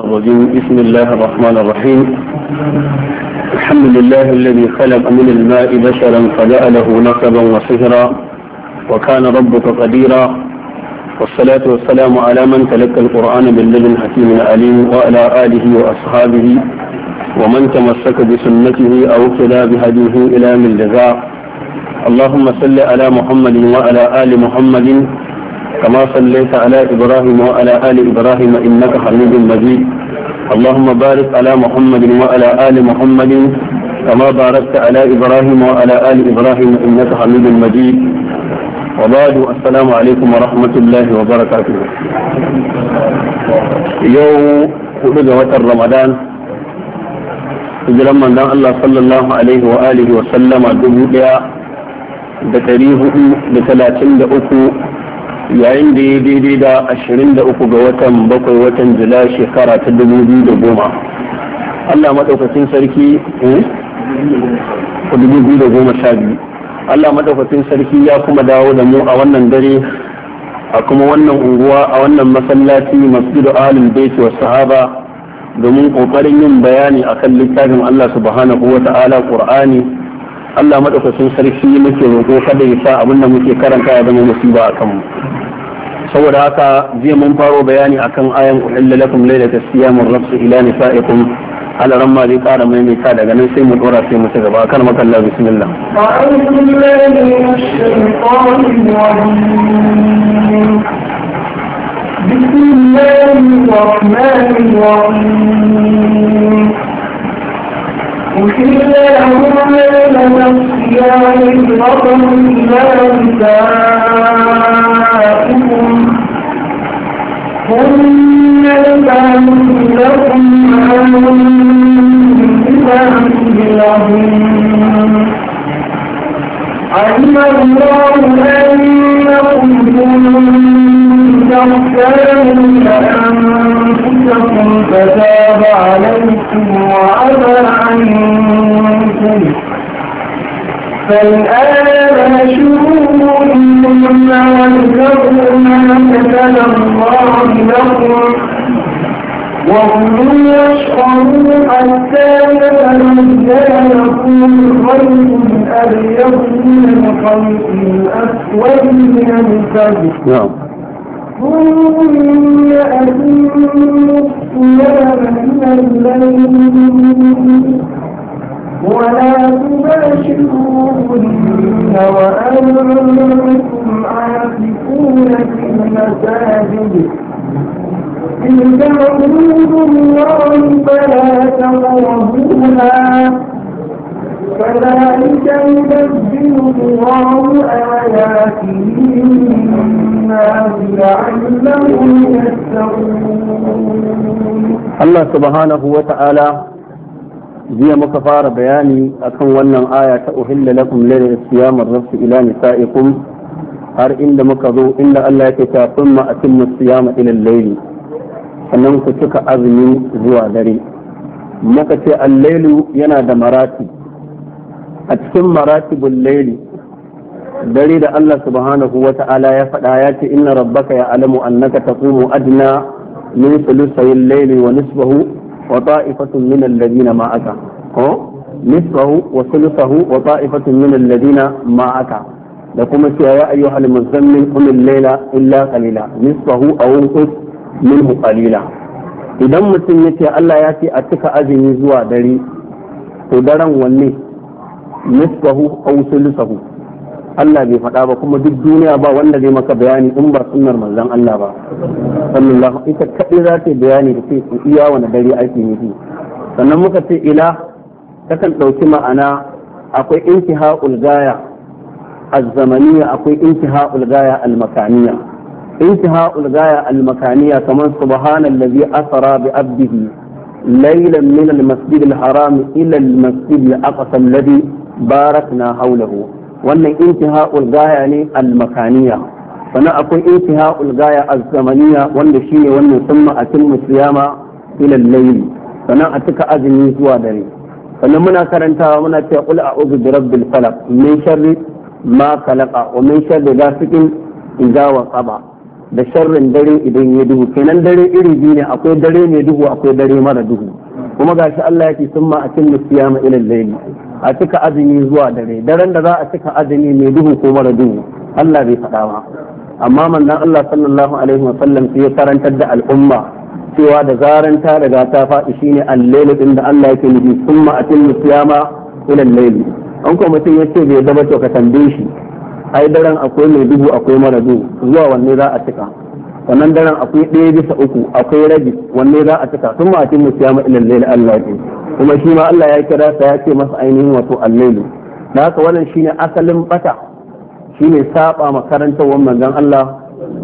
الرجيم بسم الله الرحمن الرحيم الحمد لله الذي خلق من الماء بشرا فجعله نصبا وصهرا وكان ربك قديرا والصلاة والسلام على من تلقى القرآن من الحكيم العليم عليم وعلى آله وأصحابه ومن تمسك بسنته أو كلا بهديه إلى من لذا اللهم صل على محمد وعلى آل محمد كما صليت على إبراهيم وعلى آل إبراهيم إنك حميد مجيد اللهم بارك على محمد وعلى آل محمد كما باركت على إبراهيم وعلى آل إبراهيم إنك حميد مجيد وبعد السلام عليكم ورحمة الله وبركاته يوم قلت وتر رمضان hijiran manzon الله صلى الله عليه وآله وسلم sallama dubu ɗaya da ɗari hudu yayin da ya daidai da 23 ga watan bakwai watan jula shekara ta 2010 Allah maɗaukacin sarki eh? biyu. Allah maɗaukacin sarki ya kuma dawo da mu a wannan dare a kuma wannan unguwa a wannan masallaci masjidu ahlul baiti wa sahaba domin ƙoƙarin yin bayani akan littafin Allah subhanahu wa ta'ala Qur'ani Allah maɗaukacin sarki muke roƙo kada ya sa abin da muke karanta ya zama musiba a kanmu saboda haka jiya mun faro bayani akan ayan uhilla lakum laylata siyam ar rafsu ila nisaikum alaran ma zai kara maimaita daga nan sai mu dora sai mu ci gaba kan makalla bismillah a'udhu billahi minash بسم الله الرحمن الرحيم أحل لهم ليلة الصيام الرقم إلى نسائكم علم الله أنكم كنتم تختارون أنفسكم فتاب عليكم وعفى عنكم فالآن شروعهم وانتقوا ما كتب الله لكم وهم يشعرون حتى يتبين لكم خير أبيض من خلق الأسود من الفجر نعم ثم أتم الصيام من الليل ولا تباشرون وأنتم عاكفون في المساجد تلك عروض الله فلا تقربوها كذلك يبدل الله آياته للناس لعلهم يتقون الله سبحانه وتعالى jiya muka fara bayani akan wannan aya ta uhilla lakum lil siyamar rafsu ila nisaikum har inda muka zo inda Allah yake ta thumma atimmu siyama ila al-layl sannan ku cika azumi zuwa dare muka ce al-lailu yana da marati a cikin maratibul layli dare da Allah subhanahu wata'ala ya faɗa ya ce inna rabbaka ya alamu annaka taqumu adna min thuluthay al wa nisfahu wa ta'ifatun min alladhina ma'aka ko nisfahu wa thuluthahu wa ta'ifatun min alladhina ma'aka da kuma cewa ya ayyuhal muzammil qum al-layla illa idan mutum yace Allah ya ce a cika azumi zuwa dare to daren wanne nisfahu aw thuluthahu Allah bai faɗa ba kuma duk duniya ba wanda zai maka bayani in ba sunnar manzon Allah ba sallallahu ita kadai za ta bayani da sai ku iya wani dare ake nufi sannan muka ce ila takan ɗauki ma'ana akwai intiha'ul gaya az-zamaniyya akwai intiha'ul gaya al-makaniyya intiha'ul gaya al-makaniyya kamar subhanallazi asra bi abdihi ليلا من المسجد الحرام إلى المسجد الأقصى الذي باركنا حوله wannan intiha'ul gaya ne almakaniya sannan akwai intiha'ul gaya az wanda shine wannan summa atimmu siyama ila al-layl sannan a cika azumi zuwa dare sannan muna karantawa muna cewa qul a'udhu bi rabbil falaq min sharri ma khalaqa wa min sharri ghasiqin idza waqaba da sharrin dare idan ya duhu kenan dare iri biyu ne akwai dare mai duhu akwai dare mara duhu kuma gashi Allah yake summa atimmu siyama ila al-layl a cika azumi zuwa dare daren da za a cika azumi mai duhu ko mara duhu Allah bai faɗa ba amma manzon Allah sallallahu alaihi wasallam sai ya karantar da al'umma cewa da zaran ta riga ta faɗi shine al-lailu din da Allah yake nufi summa atimmu siyama ila al-layl an ko mutum yace bai zama to ka tambaye shi ai daren akwai mai duhu akwai mara duhu zuwa wanne za a cika wannan daren akwai ɗaya bisa uku akwai rabi wanne za a cika summa atimmu siyama ila al-layl Allah yake kuma shi ma Allah ya kira sa ya ce masa ainihin wato al da haka wannan shine asalin bata shine saba makarantar manzon Allah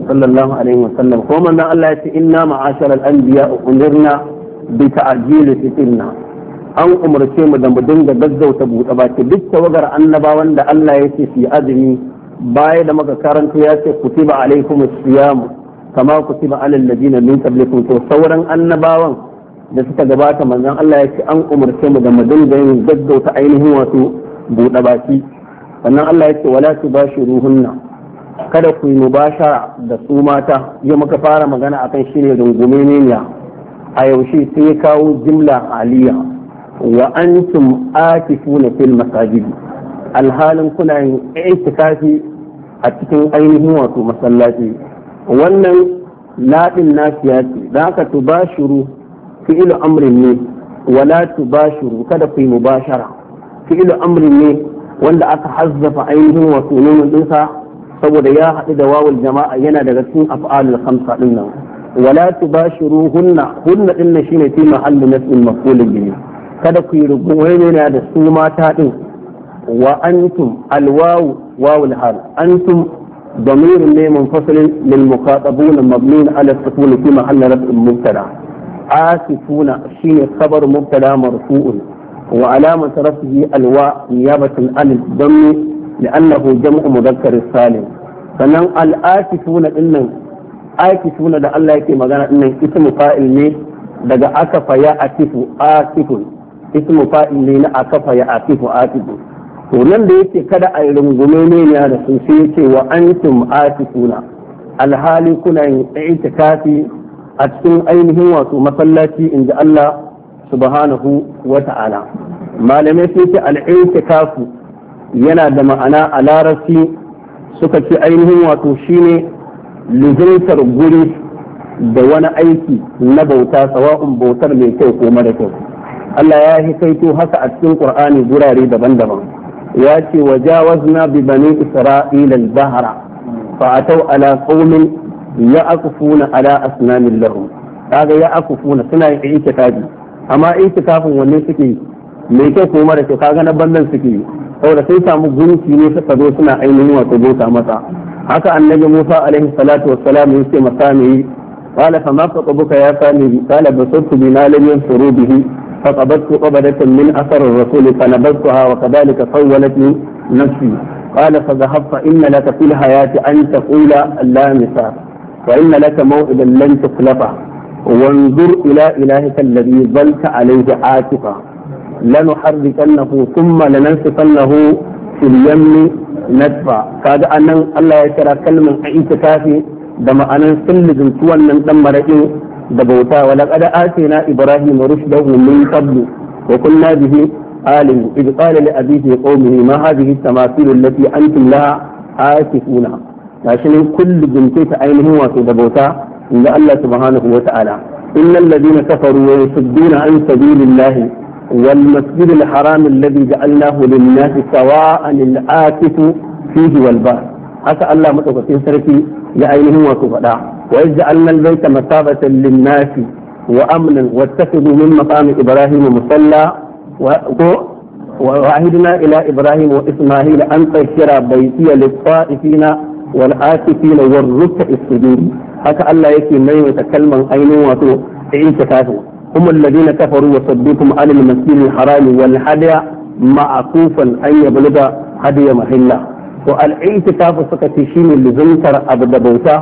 sallallahu alaihi wasallam kuma manzon Allah ya ce inna ma'ashara al-anbiya umirna bi ta'jil fitna an umarce mu da mu dinga gaggauta buɗe baki duk tawagar annabawan da Allah ya ce su azumi baya da muka karanta ya ce kutiba alaikum as-siyam kama kutiba alal ladina min qablikum to sauran annabawan da suka gabata manzon Allah ya ce an umarce mu da mu dinga yin gaggauta ainihin wato buɗe baki sannan Allah ya ce wala tubashiruhunna kada ku yi mubashara da su mata ya muka fara magana akan shi ne rungume ne a yaushe sai ya kawo jimla aliya wa antum na fil masajid alhalin kuna yin itikafi a cikin ainihin wato masallaci wannan ladin nasiya ce da aka tubashiru fi'ilu amrin ne wala tubashiru kada ku yi mubashara fi'ilu amrin ne wanda aka hazzafa ainihin wato nunun dinsa saboda ya haɗu da wawul jama'a yana daga cikin af'alul khamsa din nan wala tubashiru hunna hunna din nan shine fi mahallu nasbin maf'ulin bihi kada ku yi wani yana da su mata din wa antum alwawu wawul hal antum ضمير منفصل للمخاطبون مبني على السكون في محل رفع مبتدأ asifuna shine khabar mubtada marfu'un wa alamatu rafihi alwa niyabatan an dhammi لأنه جمع مذكر السالم فنن الآتفون إنن آتفون da Allah yake magana innan ismu ne daga akafa ya atifu atifun ismu fa'il ne na akafa ya atifu atifu to nan da yake kada a rungume ne ya da su sai yace wa antum atifuna alhali kuna yin itikafi a cikin ainihin wato masallaci in ji Allah subhanahu wa ta'ala malamai sun ce kafu yana da ma'ana a larabci suka ce ainihin wato shine luzuntar guri da wani aiki na bauta sawa'un bautar mai kyau ko mara kyau Allah ya yi kaito haka a cikin ƙur'ani gurare daban-daban ya ce wajawazna bi bani isra'ila al-bahra fa atau ala qaumin ya akufuna ala asnamin lahum kaga ya akufuna suna yin itikafi amma itikafin wanne suke yi mai kyau ko mara kyau kaga na bandan suke yi saboda sai samu gunki ne suka zo suna ainihin wato bota masa haka annabi Musa alaihi salatu wassalam yace masami qala fa ma qabuka ya sami qala basatu bina lam yansuru bihi faqabattu qabadatan min athar ar-rasul fa nabadtuha wa kadhalika sawwalat li nafsi qala fa dhahabta inna lak fil hayati an taqula la misar وإن لك موعدا لن تخلفه وانظر إلى إلهك الذي ظلت عليه عاتقا لنحركنه ثم لننسفنه في اليم نسفا كاد أن الله يترى كلمة عيسى كافي دم أنا سلزم سوان من دم رئي دبوتا ولقد آتينا إبراهيم رشده من قبل وكنا به آله إذ قال لأبيه قومه ما هذه التماثيل التي أنتم لها آسفون gashi nan kullu jinke ta ainihin wato da bauta inda Allah subhanahu wa ta'ala innal ladina kafaru wa yasudduna an sabilillahi wal masjidil haram alladhi ja'alnahu lin-nasi sawa'an al-aqifu fihi wal ba haka Allah madaukakin sarki ya ainihin wato faɗa wa yaj'alna al-bayta masabatan lin-nasi wa amnan wattakhidhu min maqami ibrahim musalla wa وعهدنا إلى إبراهيم وإسماعيل أن تشرى بيتي للطائفين wal asifin war rukka isudin haka Allah yake maimaita kalman ainihin wato in ta tafi hum alladhina kafaru wa harami an al masjid al haram wal hadya ma'qufan an yablugha hadiya mahilla to al intifaf suka ce shine lizuntar abu da bauta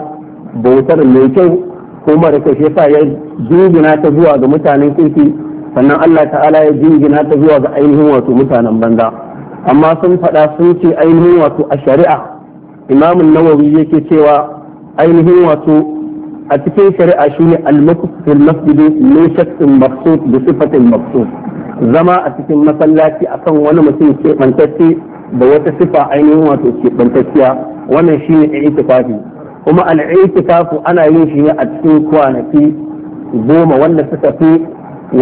bautar mai kyau kuma da kashe fa ya jingina ta zuwa ga mutanen kirki sannan Allah ta'ala ya jingina ta zuwa ga ainihin wato mutanen banza amma sun fada sun ce ainihin wato a shari'a imamun nawawi yake cewa ainihin wato a cikin shari'a shine al-makuf fil masjidi shakkin maqsud bi sifatin zama a cikin masallaci akan wani mutum ke bantacce da wata sifa ainihin wato ke bantacciya wannan shine i'tikafi kuma al-i'tikafu ana yin shi ne a cikin kwanaki goma wanda suka fi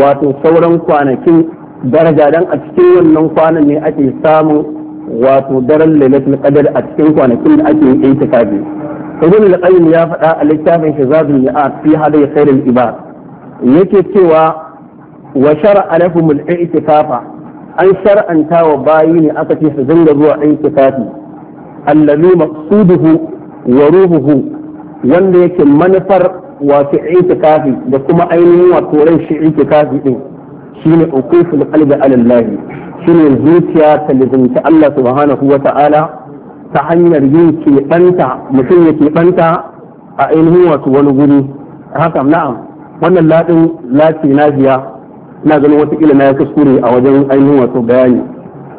wato sauran kwanakin daraja dan a cikin wannan kwanan ne ake samun wato daren lailatul qadar a cikin kwanakin da ake yin itikafi ibn al-qayyim ya faɗa a littafin shazabul mi'at fi hada khairul ibad yake cewa wa shar'a lahum al-i'tikafa an shar'anta wa bayi ne aka ce su dinga zuwa itikafi allazi maqsuduhu wa ruhuhu wanda yake manufar wato itikafi da kuma ainihin wato ran shi itikafi din shine uquful qalbi ala Allah shine zuciya ta lizinta Allah subhanahu wa ta'ala ta hanyar yin keɓanta mutum ya keɓanta a ainihin wato wani guri haka na'am wannan ladin lati naziya na ganin wata ilima ya kuskure a wajen ainihin wato bayani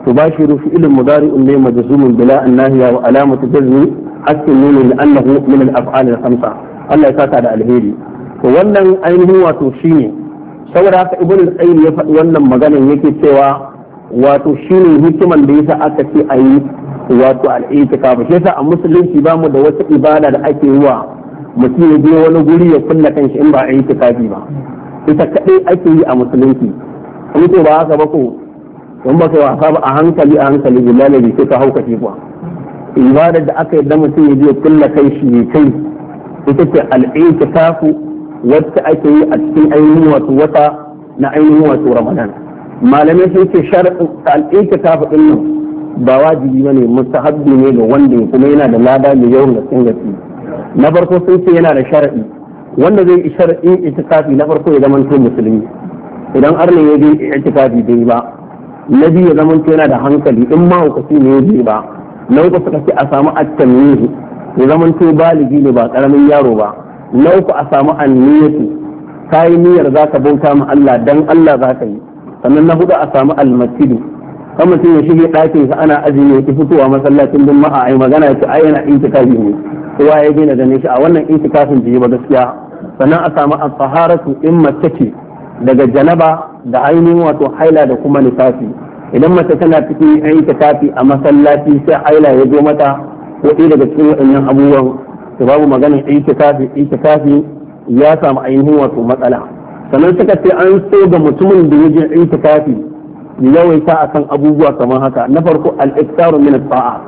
to ba shi rufi ilin mudari'un ne majzumun bila annahiya wa alamatu jazmi hatta nuna li annahu min al-af'al al-khamsa Allah ya saka da alheri to wannan ainihin wato shine saboda haka ibn al-qayyim ya faɗi wannan maganan yake cewa wato shine hikiman da yasa aka ce a yi wato al-i'tikaf shi yasa a musulunci ba mu da wata ibada da ake yi wa mutum ya je wani guri ya kunna kanshi in ba a i'tikafi ba ita kadai ake yi a musulunci in ko ba haka ba ko in ba kai wasa ba a hankali a hankali billahi ne sai ka hauka shi kuwa ibadar da aka yi da mutum ya je kunna kanshi ya kai ita ce al-i'tikafu wacce ake yi a cikin ainihin wato wata na ainihin wato ramadan malamai sun ce shar'u al'ika ta faɗin nan ba wajibi ba bane mustahabbi ne ga wanda kuma yana da lada mai yawan gaske gaske na farko sun ce yana da shar'i wanda zai yi shar'in itikafi na farko ya zama musulmi idan arna ya je itikafi bai ba na biyu ya zama yana da hankali in ma hukaci ne ya je ba na uku suka ce a samu at ya zama baligi ne ba karamin yaro ba na uku a samu anniyatu ka yi niyyar za ka bauta ma Allah dan Allah za ka yi sannan na hudu a samu almasidu kan mutum ya shige ɗakin sa ana azumi ya fitowa masallacin bin ma'a ai magana ya ce ai yana intikafi ne kowa ya daina ganin shi a wannan intikafin yi ba gaskiya sannan a samu at-taharatu in mace ce daga janaba da ainihin wato haila da kuma lisafi idan mace tana cikin ayyuka tafi a masallaci sai haila ya zo mata ko daga cikin waɗannan abubuwan to babu maganin itikafi itikafi ya samu ainihin wato matsala sannan suka ce an so ga mutumin da yake itikafi ya yawaita akan abubuwa kamar haka na farko al-iktaru min at-ta'a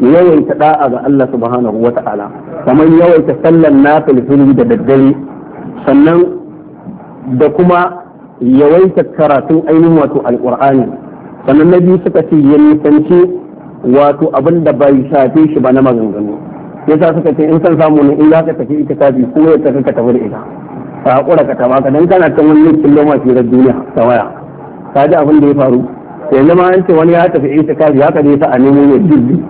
yawaita da'a ga Allah subhanahu wa ta'ala kamar yawaita sallan nafil da daddare sannan da kuma yawaita karatun ainihin wato alkur'ani sannan na biyu suka ce ya nisanci wato abin da bai shafe shi ba na maganganu sa suka ce in san samu ne in za ka tafi ita kafi ko ya tafi ka tafi da ita ka haƙura ka taba ka dan kana kan wani kilo fiye da duniya ta waya ka ji abin da ya faru yanzu ma an ce wani ya tafi ita kafi haka dai sa a nemo mai dizzi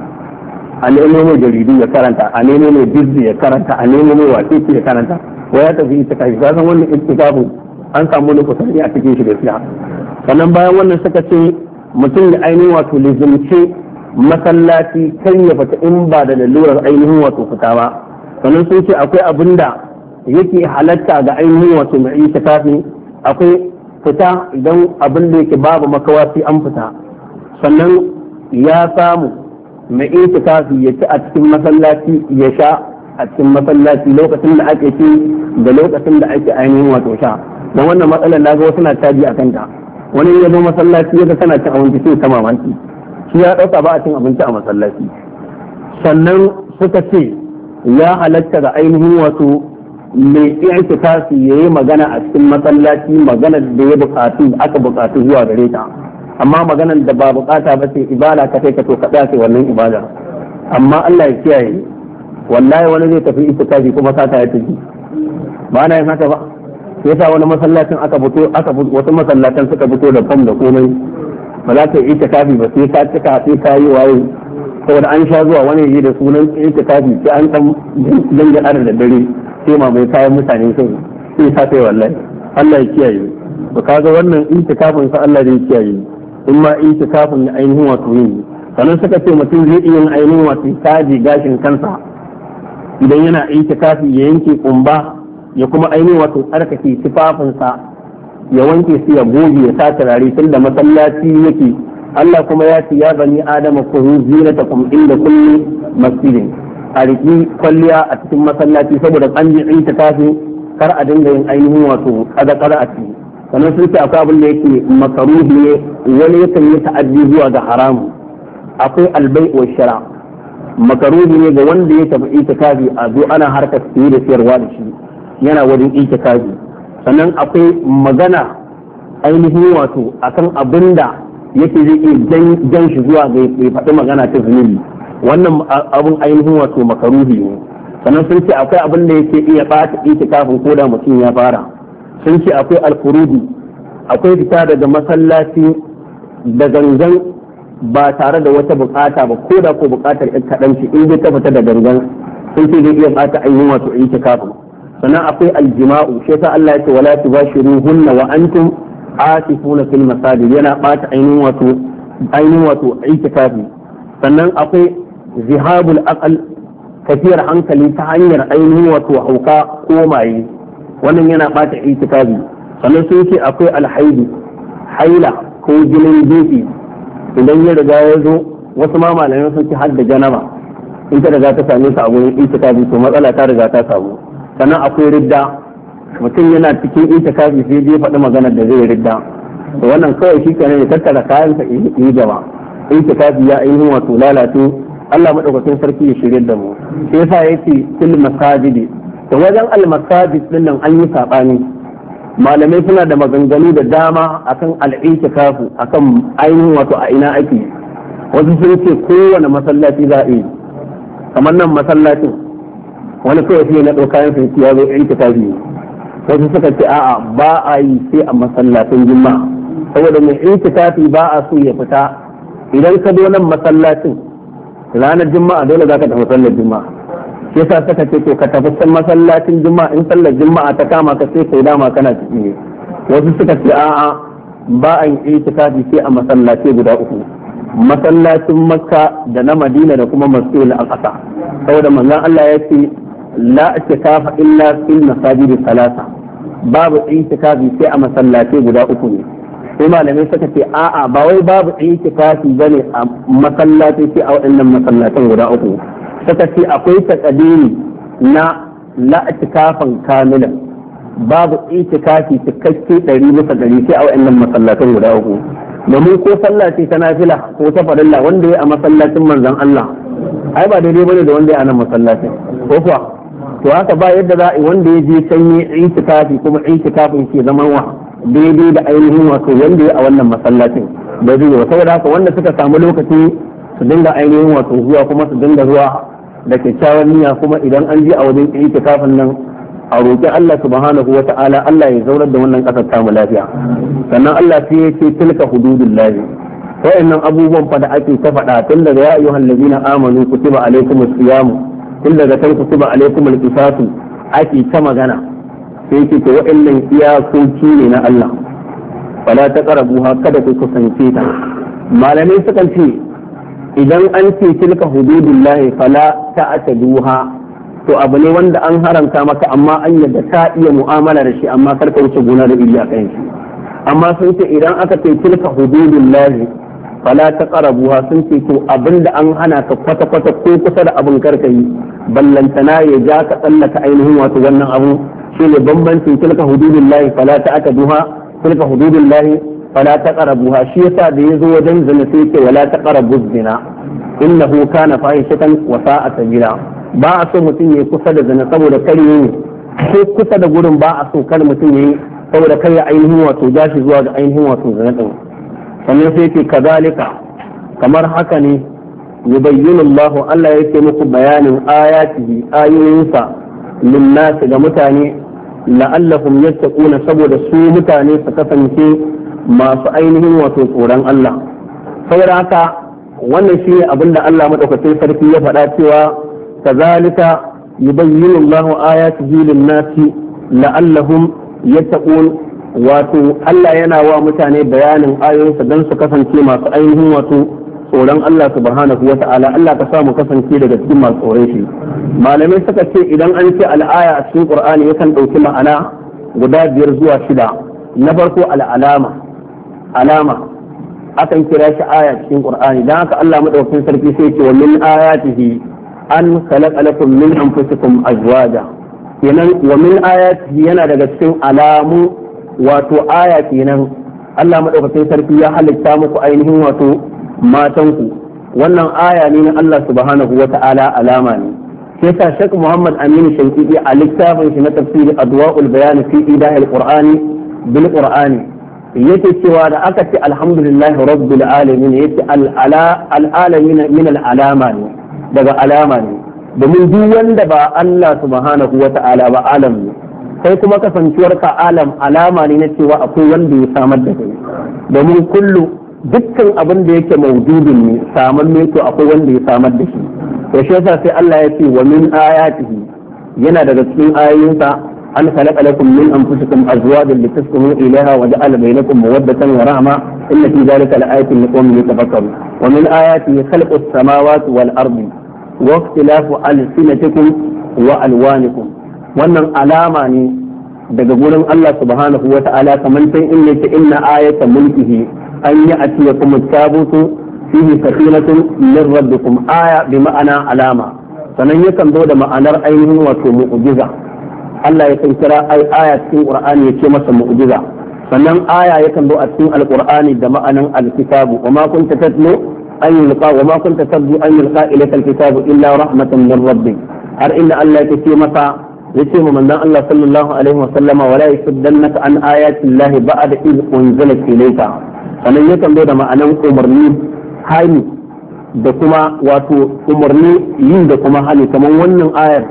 a nemo mai jaridu ya karanta a nemo mai dizzi ya karanta a nemo mai wasu ya karanta wa ya tafi ita kafi ka san ita tafi an samu lokutan a cikin shi da siya sannan bayan wannan suka ce mutum da ainihin wato lizimce masallaci kan ya fita in ba da lalurar ainihin wato fita ba sannan sun ce akwai abin da yake halatta ga ainihin wato mai ita akwai fita idan abin da yake babu makawafi an fita sannan ya samu mai ita kafi ya ci a cikin masallaci ya sha a cikin masallaci lokacin da ake ci da lokacin da ake ainihin wato sha don wannan matsalar na ga wasu na caji a kanta wani ya zo masallaci ya ga kana cin abinci sai ta mamaki shi ya ɗauka ba a cin abinci a masallaci sannan suka ce ya halatta ga ainihin wasu mai iya tasi ya yi magana a cikin masallaci magana da ya bukatu aka bukatu zuwa gare ta amma maganan da ba bukata ba ce ibada ka kai ka to ka tsaya wannan ibada amma Allah ya kiyaye wallahi wani zai tafi itikafi kuma sata ya tafi ba na yin haka ba yasa wani masallacin aka buto aka wasu masallacin suka buto da fam da komai ba za ta yi itikafi ba sai ka cika sai ka yi waye saboda an sha zuwa wani yi da sunan itikafi sai an dan dangana da daddare sai ma mai kayan mutane sun sai ka sai wallahi Allah ya kiyaye ba ka ga wannan itikafin sa Allah zai kiyaye in ma itikafin ainihin wato yin sannan suka ce mutum zai iya yin ainihin wato kaji gashin kansa idan yana itikafi ya yanke kumba ya kuma ainihin wato tsarkake tufafinsa ya wanke su ya goge ya sa turare tun da masallaci yake Allah kuma ya ce ya bani adama ta kuma inda kulli masjidin a riki kwalliya a cikin masallaci saboda an ji ta tafi kar a dinga yin ainihin wato kadakar a ciki sannan sun ce akwai abin da yake makaruhi ne wani yakan yi ta'addi zuwa ga haramu akwai albai wa shara makaruhi ne ga wanda ya tafi itikafi a zo ana harkar siye da siyarwa da shi yana wajen itikafi sannan akwai magana ainihin wato a kan abin da yake zai iya jan shi zuwa ga ya faɗi magana ta zunubi wannan abin ainihin wato makaruhi ne sannan sun ce akwai abin da yake iya ɓata kafin ko da mutum ya fara sun ce akwai alfurudi akwai fita daga masallaci da gangan ba tare da wata bukata ba ko da ko bukatar ɗan kaɗan ce in zai ta fita da gangan sun ce zai iya ɓata ainihin wato kafin. sannan akwai aljima'u shi yasa Allah yake wala tubashiruhunna wa antum asifuna fil masajid yana bata ainihin wato ainihin wato itikafi sannan akwai zihabul aqal tafiyar hankali ta hanyar ainihin wato hauka ko maye wannan yana bata itikafi sannan sun ce akwai alhaidi haila ko jinin gefe idan ya riga ya zo wasu ma malamai sun ci har da janaba in ta riga ta same su a gurin itikafi to matsala ta riga ta samu sannan akwai ridda mutum yana cikin kafi sai zai faɗi magana da zai ridda to wannan kawai shi kenan ya tattara kayan sa yi gaba kafi ya ainihin wato lalace Allah madaukakin sarki ya shirye da mu sai yasa yace fil masajidi to wajen al masajid din nan an yi sabani malamai suna da maganganu da dama akan al kafu akan ainihin wato a ina ake wasu sun ce kowane masallaci za a yi kamar nan masallacin wani kawai ne na ɗauka yin ya zo ɗan kita biyu wasu suka ce a'a ba a yi sai a masallacin jimma saboda mai itikafi ba a so ya fita idan ka zo nan masallacin ranar juma'a dole za ka tafi sallar juma'a shi yasa suka ce to ka tafi san masallacin juma'a in sallar juma'a ta kama ka sai kai dama kana ciki ne wasu suka ce a'a ba a yi itikafi sai a masallace guda uku masallacin makka da na madina da kuma masjidul aqsa saboda manzon Allah ya ce la itikafa illa fil masajid salasa babu itikafi sai a masallatai guda uku ne sai malamai suka ce a'a ba wai babu itikafi bane a masallatai sai a waɗannan masallatan guda uku suka ce akwai takadiri na la itikafan kamilan babu itikafi cikakke ɗari bisa ɗari sai a waɗannan guda uku domin ko sallah ce ta nafila ko ta farilla wanda ya a masallacin manzon Allah ai ba daidai bane da wanda ya a nan masallacin ko kuwa to haka ba yadda za a wanda ya je can yi itikafi kuma itikafin ke zaman wa daidai da ainihin wato wanda ya a wannan masallacin da zai wa saboda haka wanda suka samu lokaci su dinga ainihin wato zuwa kuma su dinga zuwa da kyakkyawan niyya kuma idan an je a wajen itikafin nan a roƙi Allah subhanahu wa ta'ala Allah ya zaurar da wannan ƙasar tamu lafiya sannan Allah sai ya ce tilka hududullahi wa'annan abubuwan fa da ake ta faɗa tun daga ya ayyuhal ladina amanu kutiba alaikumus siyamu tun daga kan kutuba alaikum alqisasu ake ta magana sai yake to wa'annan iyakoki ne na Allah fala taqrabuha kada ku kusance ta malamai sukan ce idan an ce tilka hududullahi fala ta ta'taduha to abu ne wanda an haranta maka amma an yadda ta iya mu'amala da shi amma karka wuce gona da iri a kan shi amma sun ce idan aka ce tilka hududullahi fala ta karabuwa sun ce to abinda an hana ka kwata kwata ko kusa da abin karka yi ballantana ya ja ka tsallaka ainihin wato wannan abu shine bambancin tilka hududullahi fala ta'taduha tilka lahi fala taqrabuha shi yasa da zo wajen zina sai yake wala taqrabu zina innahu kana fahishatan wa sa'a sabila ba a so mutum ya kusa da zina saboda kar yi ko kusa da gurin ba a so kar mutum yayi saboda kar ya ainihin wato shi zuwa ga ainihin wato zina din sannan sai yake kazalika kamar haka ne yubayyinu Allah ya ke muku bayanin ayatihi ayoyinsa linnas ga mutane la'allahum yattaquna saboda su mutane su kasance masu ainihin wato tsoron Allah saboda haka wannan shine abin da Allah madaukakin sarki ya faɗa cewa kazalika yubayyinu Allah ayatihi linnas la'allahum yattaqun wato Allah yana wa mutane bayanin ayoyinsa don su kasance masu ainihin wato tsoron Allah subhanahu wa ta'ala Allah ka samu kasance daga cikin masu tsoron shi malamai suka ce idan an ce al'aya a cikin qur'ani yakan ɗauki ma'ana guda biyar zuwa shida na farko al'alama alama akan kira shi aya cikin qur'ani dan haka Allah madaukakin sarki sai ce wa min ayatihi an khalaqa lakum min anfusikum azwaja kenan wa min ayatihi yana daga cikin alamu wato aya kenan Allah madaukakin sarki ya halitta muku ainihin wato matanku wannan aya ne na Allah subhanahu wa ta'ala alama ne sai sa Sheikh Muhammad Aminu Shankiki a littafin shi na tafsiri Adwa'ul Bayan fi Idahil Qur'ani bil Qur'ani yake cewa da aka ce alhamdulillahi rabbil alamin yace al alamin min alama ne daga alama ne domin duk wanda ba Allah subhanahu wa ta'ala ba alam ne sai kuma kasancewar ka alam alama ne na cewa akwai wanda ya samar da kai domin kullu dukkan abin da yake maududin ne samar ne to akwai wanda ya samar da shi to shi yasa sai Allah ya ce wa min ayatihi yana daga cikin ayoyinsa an khalaqa lakum min anfusikum azwajan litaskunu ilayha wa ja'ala bainakum mawaddatan wa rahma inna fi dhalika la'ayatin liqaumin yatafakkarun wa min ayatihi khalqu samawati wal ardi wa ikhtilafu alsinatikum wa alwanikum wannan alama ne daga gurin Allah subhanahu wa ta'ala kamar sai in yake inna ayatan mulkihi an yi atiya kuma tabutu fihi safinatun min rabbikum aya bi ma'ana alama sanan yakan zo da ma'anar ainihin wato mu'jiza Allah ya kira ai aya cikin Qur'ani ya ce masa sannan aya yakan zo a cikin alqur'ani da ma'anan alkitabu wa ma wa ma kunta tarju an yulqa ilayka alkitabu rahmatan min rabbik har inda Allah ya ce masa yace mu manzon Allah sallallahu alaihi wa sallama an ayati llahi ba'da iz unzilat sannan ya zo da ma'anan umarni hani da kuma wato umarni yin da kuma hani kamar wannan ayar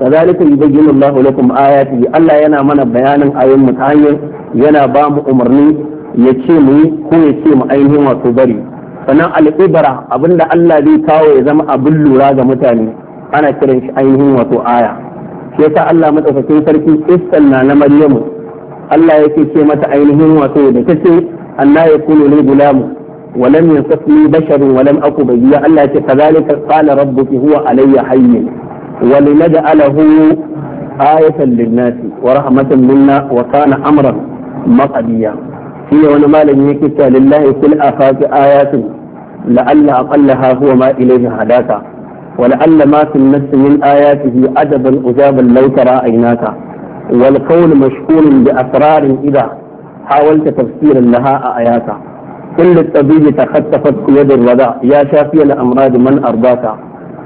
kazalika yubayyinu Allahu lakum ayati Allah yana mana bayanin ayoyin mu ta hanyar yana ba mu umarni ya ce mu ko ya ce mu ainihin wato bari sannan al'ibara abinda Allah zai kawo ya zama abin lura ga mutane ana kiran shi ainihin wato aya shi yasa Allah madaukakin sarki istan na na Maryamu Allah yake ce mata ainihin wato da ta anna yakunu li gulamu wa lam yasqini basharun wa lam aku bagiya Allah ce kazalika qala rabbuki huwa alayya hayyin wa linaj'alahu ayatan lin-nasi wa rahmatan minna wa kana amran maqdiya shi ne wani malami yake cewa lillahi kul afaqi ayatin la'alla aqallaha huwa ma ilayhi hadaka ولعل ما في النفس من آياته أدبا أجابا لو ترى عيناك والكون مشكول بأسرار إذا حاولت تفسير لها آياتا كل الطبيب تخطفت يد الرضاع يا شافي الأمراض من أرضاك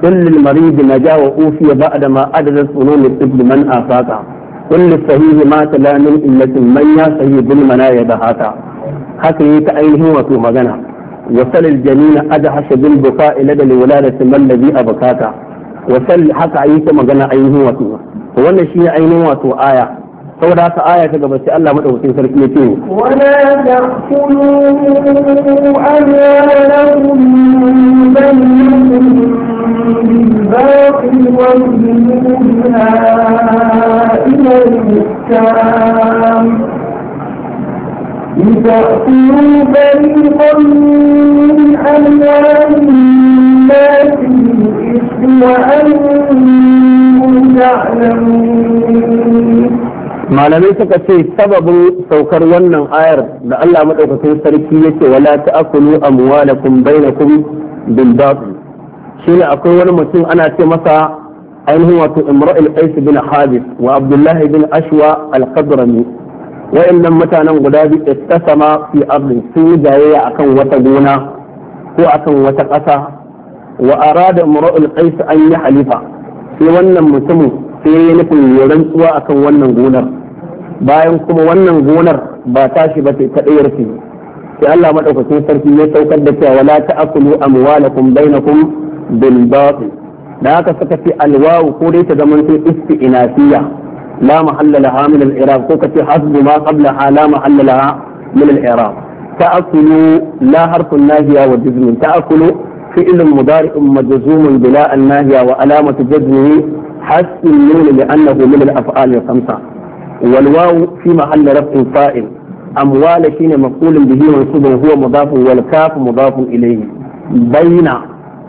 كل المريض نجا وأوفي بعدما عدد فنون الطب من آفاك كل الصحيح مات لا من إلة من يا صحيح بالمنايا دهاتا حكي كأينه وفي مغنى وصل الجنين أدهش بالبكاء لدى لولادة ما الذي أبكاك وصل حكى عيسى مغنى أينه وفي wannan shi ne ainihin wato aya saboda haka aya ta gaba sai Allah madaukakin sarki yake wala taqulu amalakum bainakum bil-baqi wa yu'minuna ila فريقا من أموال الناس بالإثم وأنتم تعلمون malamai suka ce sababin saukar wannan ayar da Allah madaukakin sarki yake wala ta'kulu amwalakum bainakum bil batil shine akwai wani mutum ana ce masa ainihin wato imra'il qais bin habib wa abdullahi bin ashwa al-qadrami mutanen guda biyu ittasama fi ardin sun jayayya akan wata gona ko akan wata ƙasa wa arada imra'il qais an yi halifa sai wannan mutumin sai ya nufin rantsuwa akan wannan gonar bayan kuma wannan gonar ba tashi ba ce ta ɗayar ce sai Allah madaukakin sarki ya saukar da cewa wala ta'kulu amwalakum bainakum bil batil da aka saka fi alwawu ko dai ta zamanto isti'nafiya la mahalla laha min al-i'rab ko kace hasbu ma qablaha la mahalla laha min al-i'rab ta'kulu la harfun nahiya wa jazmun ta'kulu فعل مضارع مجزوم بلا الناهية وعلامة جزمه حس النون لأنه من الأفعال الخمسة والواو في محل رفع فائل أموال شين مقول به منصوب هو مضاف والكاف مضاف إليه بين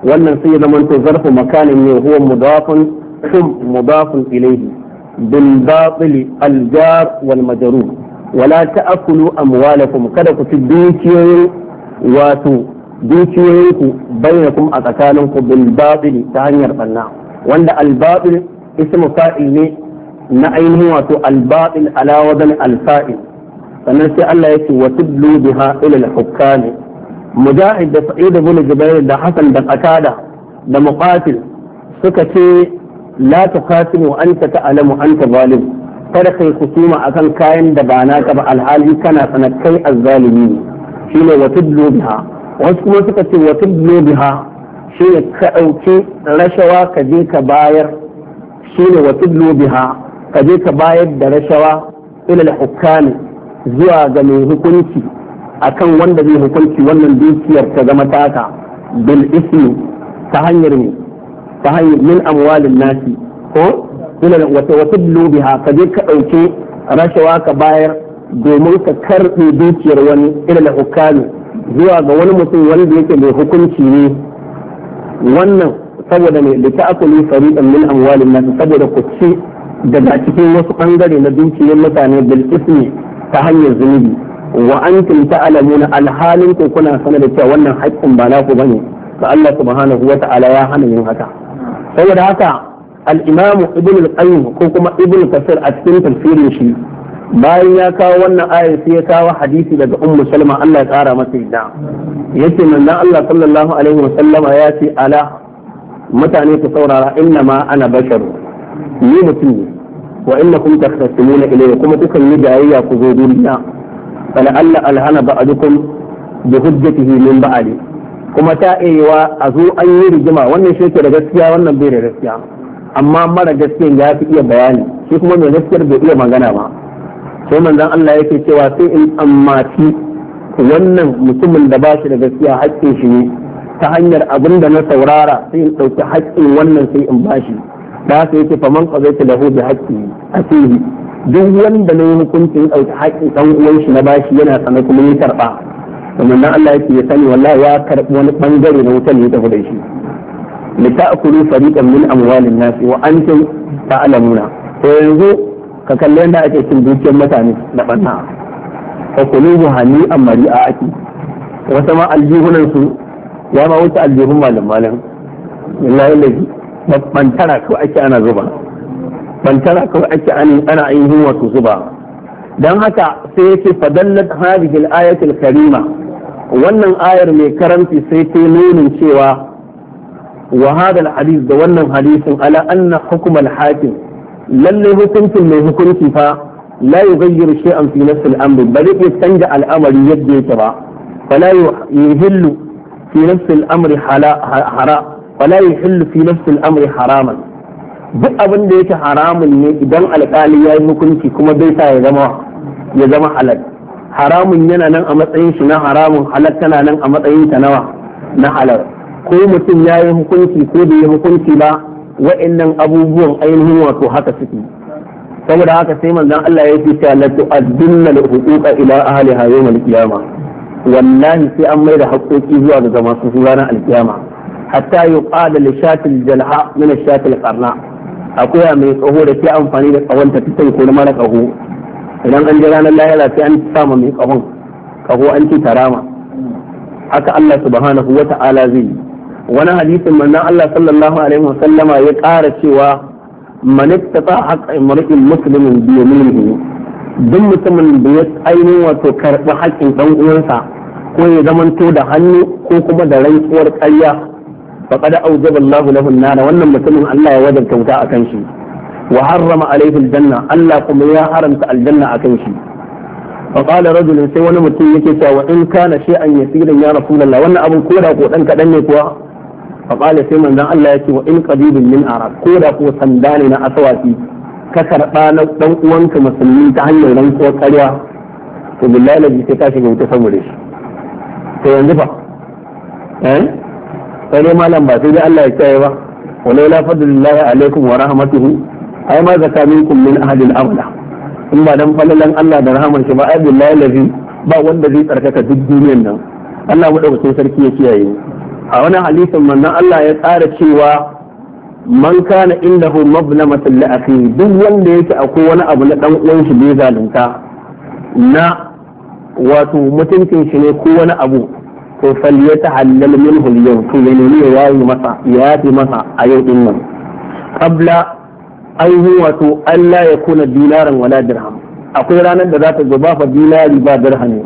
wannan sai ya zamanto zarfu makanin ne huwa mudafun kum mudafun ilayhi bil batil al jar wal majrur wala ta'kulu amwalakum kada ku ci dukiyoyin wato dukiyoyin ku bainakum a tsakanin ku bil batil ta hanyar banna wanda al batil ismu fa'il ne na ainihin wato alba'in ala alfa'in alfa'il sannan sai Allah yake wa tudlu biha ila al-hukkam mujahid da sa'id ibn jubair da hasan da qatada da muqatil suka ce la tuqatimu anta ta'lamu anta zalim kada kai kusuma akan kayan da ba naka ba alhali kana kai azzalimi shine wa tudlu biha wasu kuma suka ce wa tudlu biha shine ka dauki rashawa ka je ka bayar shine wa tudlu biha ka je ka bayar da rashawa ilal hukami zuwa ga mai hukunci akan wanda zai hukunci wannan dukiyar ta zama taka bil ismi ta hanyar ne ta hanyar min amwalin nasi ko ilal wata wata biha ka je ka dauke rashawa ka bayar domin ka karbe dukiyar wani ilal hukami zuwa ga wani mutum wanda yake mai hukunci ne wannan saboda mai da ta akuli fariɗan min amwalin nasi saboda ku ci daga cikin wasu ɓangare na dukiyar mutane bil ismi ta hanyar zunubi wa alamu na alhalin ku kuna sanar da cewa wannan haƙƙin ba naku bane ka Allah subhanahu wa ta'ala ya hana yin haka saboda haka al-imamu ibn al-qayyim ko kuma ibn kasir a cikin tafsirin shi bayan ya kawo wannan ayar sai ya kawo hadisi daga ummu salma Allah ya kara masa yadda yace manzon Allah sallallahu alaihi wa sallama ya ce ala mutane ku saurara inna ma ana basharu ni mutum ne wa innakum takhtasimuna ilayya kuma kukan yi jayayya ku zo duniya fala alla alhana ba'dukum bi hujjatihi min ba'di kuma ta ewa a zo an yi rigima wannan shi da gaskiya wannan bai da gaskiya amma mara gaskiyan ya fi iya bayani shi kuma mai gaskiyar bai iya magana ba sai manzon Allah yake cewa sai in ammaci wannan mutumin da ba shi da gaskiya haƙƙin shi ne ta hanyar abin da na saurara sai in ɗauki haƙƙin wannan sai in ba shi. da su yake faman ta lahu bi a asihi duk wanda na yi hukuncin ɗauki haƙƙin ɗan uwan shi na bashi yana sanar kuma ya karɓa kuma Allah yake ya sani wallahi ya karɓi wani bangare na wutar ya tafi da shi li ta'kulu fariqan min amwalin nas wa antum ta'lamuna to yanzu ka kalle yadda ake cin dukiyar mutane da banna fa kulubu hani amari a aki wata ma aljihunan su ya ma wuce aljihun malam malam wallahi lafi bantara kawai ake ana zuba bantara kawai ake ana ainihin wasu zuba don haka sai yake fadallat hadhihi al karima wannan ayar mai karanti sai ta nunin cewa wa hadha da wannan hadisin ala anna hukm al-hakim lalle hukuncin mai hukunci fa la yughayyiru shay'an fi nafs al-amr ba zai canja al'amari yadda yake ba fala yuhillu fi nafs al-amr hala wala yahillu fi nafsi al haraman duk abin da yake haramun ne idan alkali ya yi hukunci kuma bai sa ya zama halal haramun yana nan a matsayin shi na haramun halal tana nan a matsayin ta nawa na halal ko mutum ya yi hukunci ko bai yi hukunci ba wa'annan abubuwan ainihin wato haka suke saboda haka sai manzon Allah ya ce ta latu addinna da huquqa ila ahliha yawm qiyama wallahi sai an mai da haƙoƙi zuwa ga zama su ranar alkiyama hatta yuqala da shatil jalha min karna qarna akuya mai kaho da ke amfani da tsawon ta sai ko na mara ƙaho idan an ji ranar lahira sai an sama mai ƙahon ƙaho an ci tarama haka Allah subhanahu wa ta'ala zai yi wani hadisin manzon Allah sallallahu alaihi wa sallama ya ƙara cewa man ittata haqqa imri'in muslimin bi yaminihi duk mutumin da ya ainihin wato karɓi haƙƙin ɗan uwansa ko ya zamanto da hannu ko kuma da rantsuwar ƙarya faqad awjaba Allah lahu an wannan mutumin Allah ya wajabta wuta akan shi wa harrama alayhi aljanna Allah kuma ya haramta aljanna akan shi fa qala rajulun sai wani mutum yake cewa wa in kana shay'an yasiran ya rasulullah wannan abun koda da ko dan kadan ne kuwa fa qala sai manzon Allah yake wa in qadibun min arab ko ko sanda ne na asawaki ka karba na dan uwanka musulmi ta hanyar rantsuwar karya to billahi laji sai ka ta wuta saboda shi sai malam ba sai dai Allah ya kiyaye ba walaula fadlillahi alaikum wa rahmatuhu ai ma zaka minkum min ahadin abada in ba dan falalan Allah da rahmar shi ba ai billahi lazi ba wanda zai tsarkaka duk duniyar nan Allah madaukakin sarki ya kiyaye a wani hadisin manzon Allah ya tsara cewa man kana indahu mablamatan li akhihi duk wanda yake akwai wani abu na dan uwan shi bai zalunta na wato mutuncin shi ne ko wani abu to ta halal minhu yau to ya nemi ya masa ya masa a yau din nan qabla ainihin wato Allah ya kuna dinaran wala dirham akwai ranar da za ta gaba fa dinari ba dirhami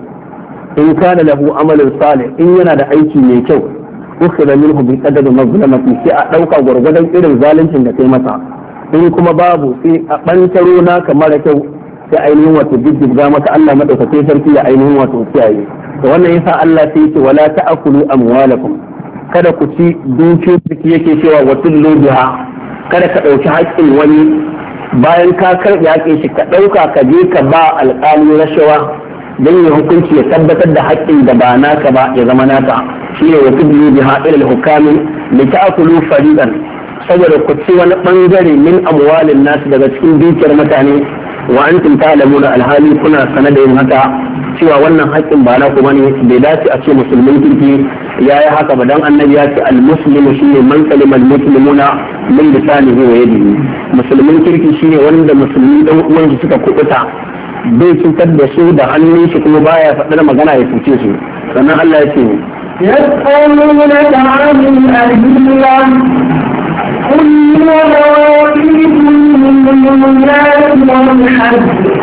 in kana lahu amalin salih in yana da aiki mai kyau ukhra minhu bi qadari mazlamati sai a dauka gwargwadon irin zaluncin da kai masa in kuma babu sai a bantaro naka mara kyau sai ainihin wato biddiga maka Allah madaukakin sarki ya ainihin wato kiyaye to wannan yasa Allah sai yake wala ta'kulu amwalakum kada ku ci dukiyoyi yake cewa watullu biha kada ka dauki haƙƙin wani bayan ka karɓi haƙƙin shi ka ɗauka ka je ka ba alƙali rashawa don ya hukunci ya tabbatar da haƙƙin da ba naka ba ya zama naka shi ne watullu biha ila al li ta'kulu fariqan saboda ku ci wani bangare min amwalin nasu daga cikin dukiyar mutane wa antum ta'lamuna alhali kuna sanadayin haka cewa wannan haƙƙin ba na kuma ne bai dace a ce musulmin kirki ya yi haka ba don annabi ya ce almuslimu shi ne man salima al-muslimuna min lisanihi wa yadihi musulmin kirki shi ne wanda musulmi ɗan uwan suka kuɓuta bai cutar da su da hannun shi kuma baya faɗar magana ya cuce su sannan Allah ya ce يسألونك عن الأهلية قل هو مواقيت للناس والحج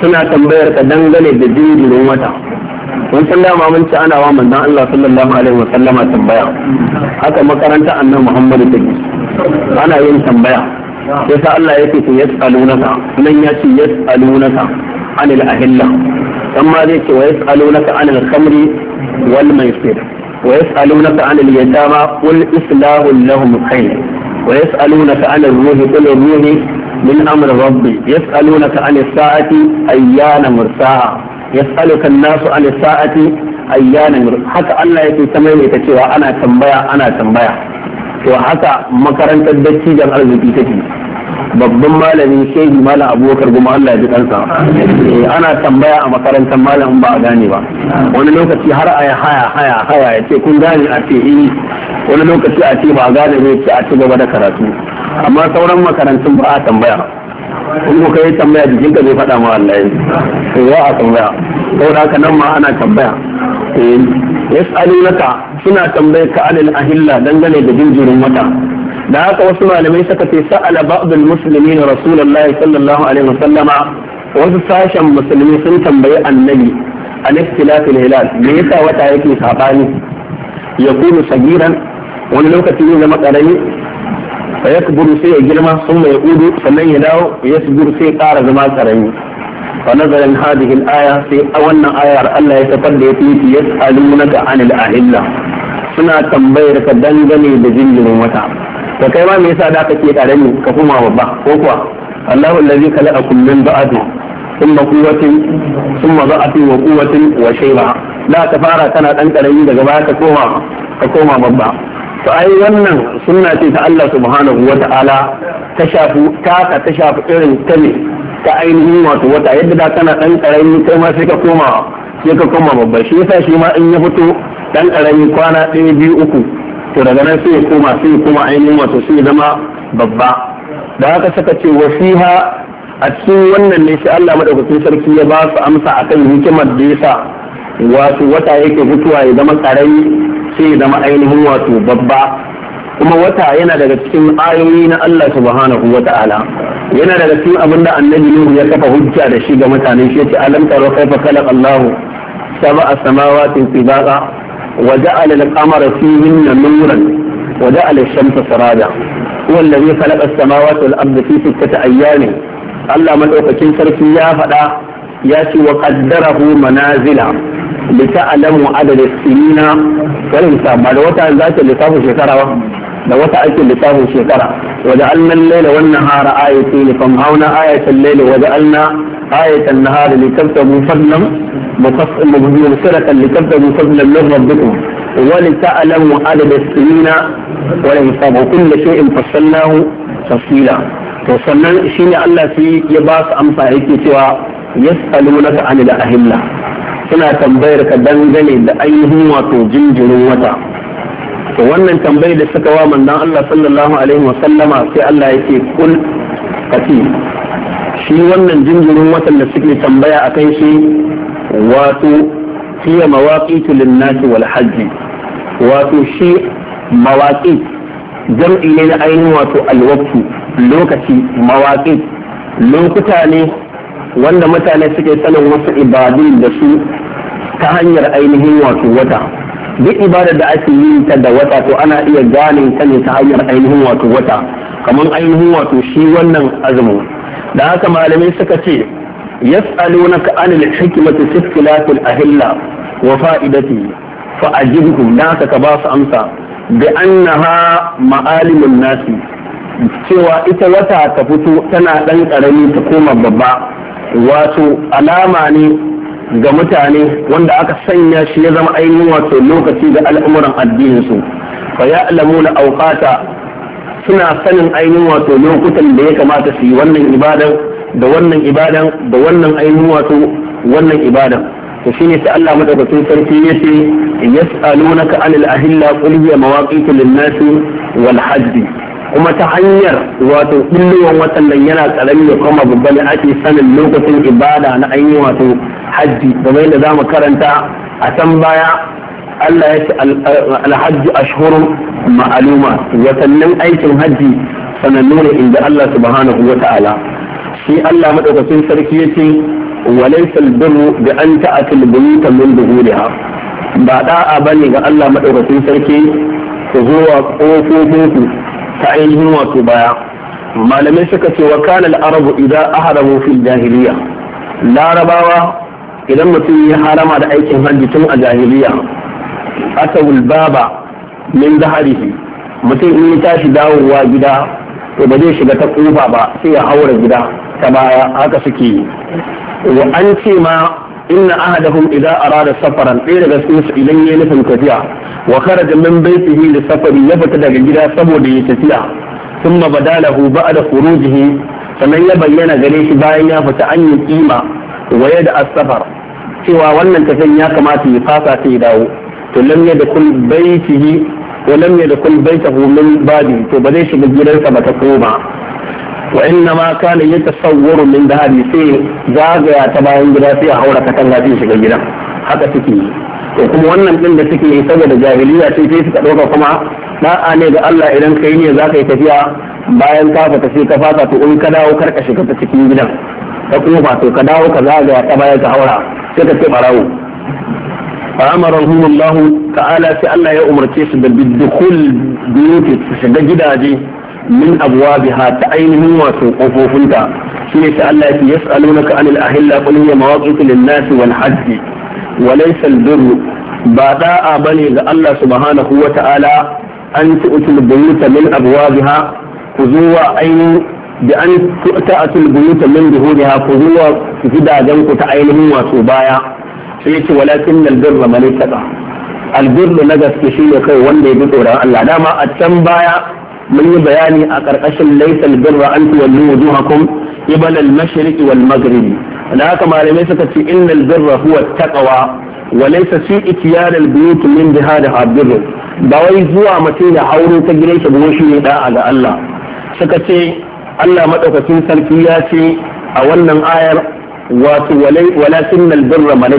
suna tambayar ka dangane da jinjirin wata wancan dama mun ci ana wa manzon Allah sallallahu alaihi wa sallama tambaya haka makaranta annabi Muhammad take ana yin tambaya yasa Allah yake ce yas'alunaka nan ya ce yas'alunaka anil ahilla amma zai ce wa yas'alunaka anil khamri wal maisir wa yas'alunaka anil yatama qul islahu lahum khair wa yas'alunaka anil ruhi qul ruhi من أمر ربي يسألونك عن الساعة أيان مرساها يسألك الناس عن الساعة أيان مرساها حتى الله يكي تمام يتشوى أنا تنبيا أنا تنبيا وحتى مكرنت الدكي جمع الزكي تكي babban malami shehi malam abubakar goma Allah ya ji kansa eh, ana tambaya a makarantar malam ba a gane ba wani lokaci har a haya haya haya ya ce kun gane a ce eh wani lokaci a ce ba a gane ne ce a ci gaba da karatu amma sauran makarantun ba a tambaya in kuka yi tambaya jikinka zai faɗa ma Allah ya za eh, a tambaya saboda haka nan ma ana tambaya eh, yas'alunaka suna tambayar ka alil ahilla dangane da jinjirin wata da haka wasu malamai suka ce sa'ala ba'dul muslimin rasulullahi sallallahu alaihi wasallama wasu sashen musulmi sun tambayi annabi an ikhtilafil hilal me yasa wata yake sabani ya kuma sagiran wani lokaci ne zama karami fa yakburu sai ya girma sun ya udu sannan ya dawo ya sujuru sai ya kara zama karami fa nazarin hadhihi al-aya sai a wannan ayar Allah ya tafar da ya fi yas'alunaka anil ahilla suna tambayar ka dangane da jinjirin wata to kai ma me yasa da ka ke karami ka koma babba ko kuwa Allahu allazi khalaqakum min ba'd thumma quwwatin thumma da'atin wa quwwatin wa shayba da ka fara kana dan karami daga baya ka koma ka koma babba to ai wannan sunna ce ta Allah subhanahu wa ta'ala ta shafu taka ta shafi irin ta ne ta ainihin wato wata yadda da kana dan karami kai ma sai ka koma sai ka koma babba shi yasa shi ma in ya fito dan karami kwana ɗaya biyu uku to daga nan sai ya koma sai ya koma ainihin wato sai ya zama babba da haka suka ce wasiha a cikin wannan ne sai Allah madaukakin sarki ya ba su amsa akan hikimar da yasa wato wata yake fitowa ya zama karami sai ya zama ainihin wato babba kuma wata yana daga cikin ayoyi na Allah subhanahu wa ta'ala yana daga cikin abin da annabi Nuhu ya kafa hujja da shi ga mutane shi ce alam taro kaifa khalaq Allah sab'a samawati tibaqa وجعل القمر فيهن نورا وجعل الشمس سراجا هو الذي خلق السماوات والارض في ستة ايام الله مدوكاكين سركي يا فدا يا شي وقدره منازل لتعلموا عدد السنين والحساب بعد وتا ذات لتاف شكرا da wata ake lissafin وجعلنا الليل والنهار آيتين فمحونا آية الليل وجعلنا آية النهار لتبتغوا فضلا بقص المجهولين فرقا لتبتغوا فضلا من ربكم ولتعلموا عدد السنين والحساب وكل شيء فصلناه تفصيلا وصلنا شيء الله في يباس أمسا هيك سوى يسألونك عن الأهلة suna tambayar ka dangane da ainihin wato jinjirin wata to wannan tambayar da suka wa manzon Allah sallallahu alaihi wa sallama sai Allah yake kul kati shi wannan jinjirin watan da suke tambaya akan shi wato hiya mawaƙi lin-nasi wal hajji wato shi mawaƙi jam'i ne na ainihin wato alwaktu lokaci mawaƙi lokuta ne wanda mutane suke sanin wasu ibadu da su ta hanyar ainihin wato wata duk ibadar da ake yi ta da wata to ana iya gane ta ne ta hanyar ainihin wato wata kamar ainihin wato shi wannan azumin da haka malamai suka ce na yas'alunaka anil hikmati fi ikhtilafil ahilla wa fa'idati fa'ajibhum naka ka ba su amsa bi annaha ma'alimun nasi cewa ita wata ta fito tana ɗan ƙarami ta koma babba wato alama ne ga mutane wanda aka sanya shi ya zama ainihin wato lokaci ga al'amuran addininsu fa ya alamu na aukata suna sanin ainihin wato lokutan da ya kamata su yi wannan ibadar da wannan ibadan da wannan ainihin wato wannan ibadan to shine sai Allah madaukakin sarki yace yas'alunaka anil ahilla qul hiya mawaqitu lin-nasi wal hajj kuma ta hanyar wato kulluwan watan nan yana karami ya kuma babban ake sanin lokacin ibada na ainihin wato hajji kamar yadda zamu karanta a san baya Allah ya ce alhajji ashhurun ma'aluma wasannin aikin hajji sanannu ne inda Allah subhanahu wa ta'ala shi Allah madaukakin sarki yace walaysa albirru bi an ta'ati albuyuta min duhuriha ba da'a bane ga Allah madaukakin sarki ku zo wa kofofin ku ta ainihin wato baya malamai suka ce wa kana al-arabu idan ahramu fil jahiliya larabawa idan mutum ya harama da aikin hajji tun a jahiliya asawul baba min zaharihi mutum in ya tashi dawowa gida to ba zai shiga ta kofa ba sai ya haura gida kama haka suke yi wa an ce ma inna ahadahum idza arada safaran ɗaya daga cikin su idan ya nufin tafiya wa kharaja min baytihi li safari ya fita daga gida saboda ya tafiya thumma badalahu ba'da khurujihi sannan ya bayyana gare shi bayan ya fita an yi kima wa yada as-safar cewa wannan tafiyan ya kamata ya fasa sai dawo to lam yadkhul baytihi wa lam yadkhul baytahu min to ba zai shiga gidansa ba ta koma wa inna ma kana yatasawwaru min dahabi sai zagaya ta bayan gida sai a haura katanga sai shiga gidan haka to kuma wannan din da suke yi saboda jahiliya ce sai suka dauka kuma da'a ne ga Allah idan kai ne za ka yi tafiya bayan ka fata sai ka fata to in ka dawo kar ka shiga ta cikin gidan ka kuma to ka dawo ka zagaya ta bayan ka haura sai ka ce barawo فأمرهم الله تعالى في أن يأمر كيس بالدخول su shiga gidaje. من أبوابها تعينه وتوقفه عندها في سألة يسألونك عن الأهلة قل هي مواقف للناس والحج وليس البر بعد أبني الله سبحانه وتعالى أن تؤت البيوت من أبوابها كذوة أين بأن تؤت البيوت من ظهورها كذوة كذوة جنك تعينه وتوبايا في ولكن البر ما ليس البر نجس كشيء كي وندي بطورة الله دام أتنبايا mun yi bayani a ƙarƙashin laisal birra an tuwallu wujuhakum ibal al-mashriqi wal maghribi da haka malamai suka ce innal birra huwa taqwa wa laysa fi itiyar al-buyut min jihadi habir ba wai zuwa mutum ya aure ta gidan shi ba shi ne da'a ga Allah suka ce Allah madaukakin sarki ya ce a wannan ayar wato walakin al-birra man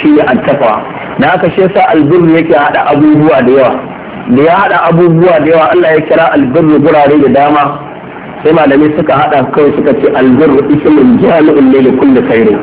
shi ne at-taqwa da haka shi yasa al yake hada abubuwa da yawa da ya haɗa abubuwa da yawa Allah ya kira albirru gurare da dama sai malamai suka haɗa kawai suka ce albirru ismin jami'in ne kulli khairi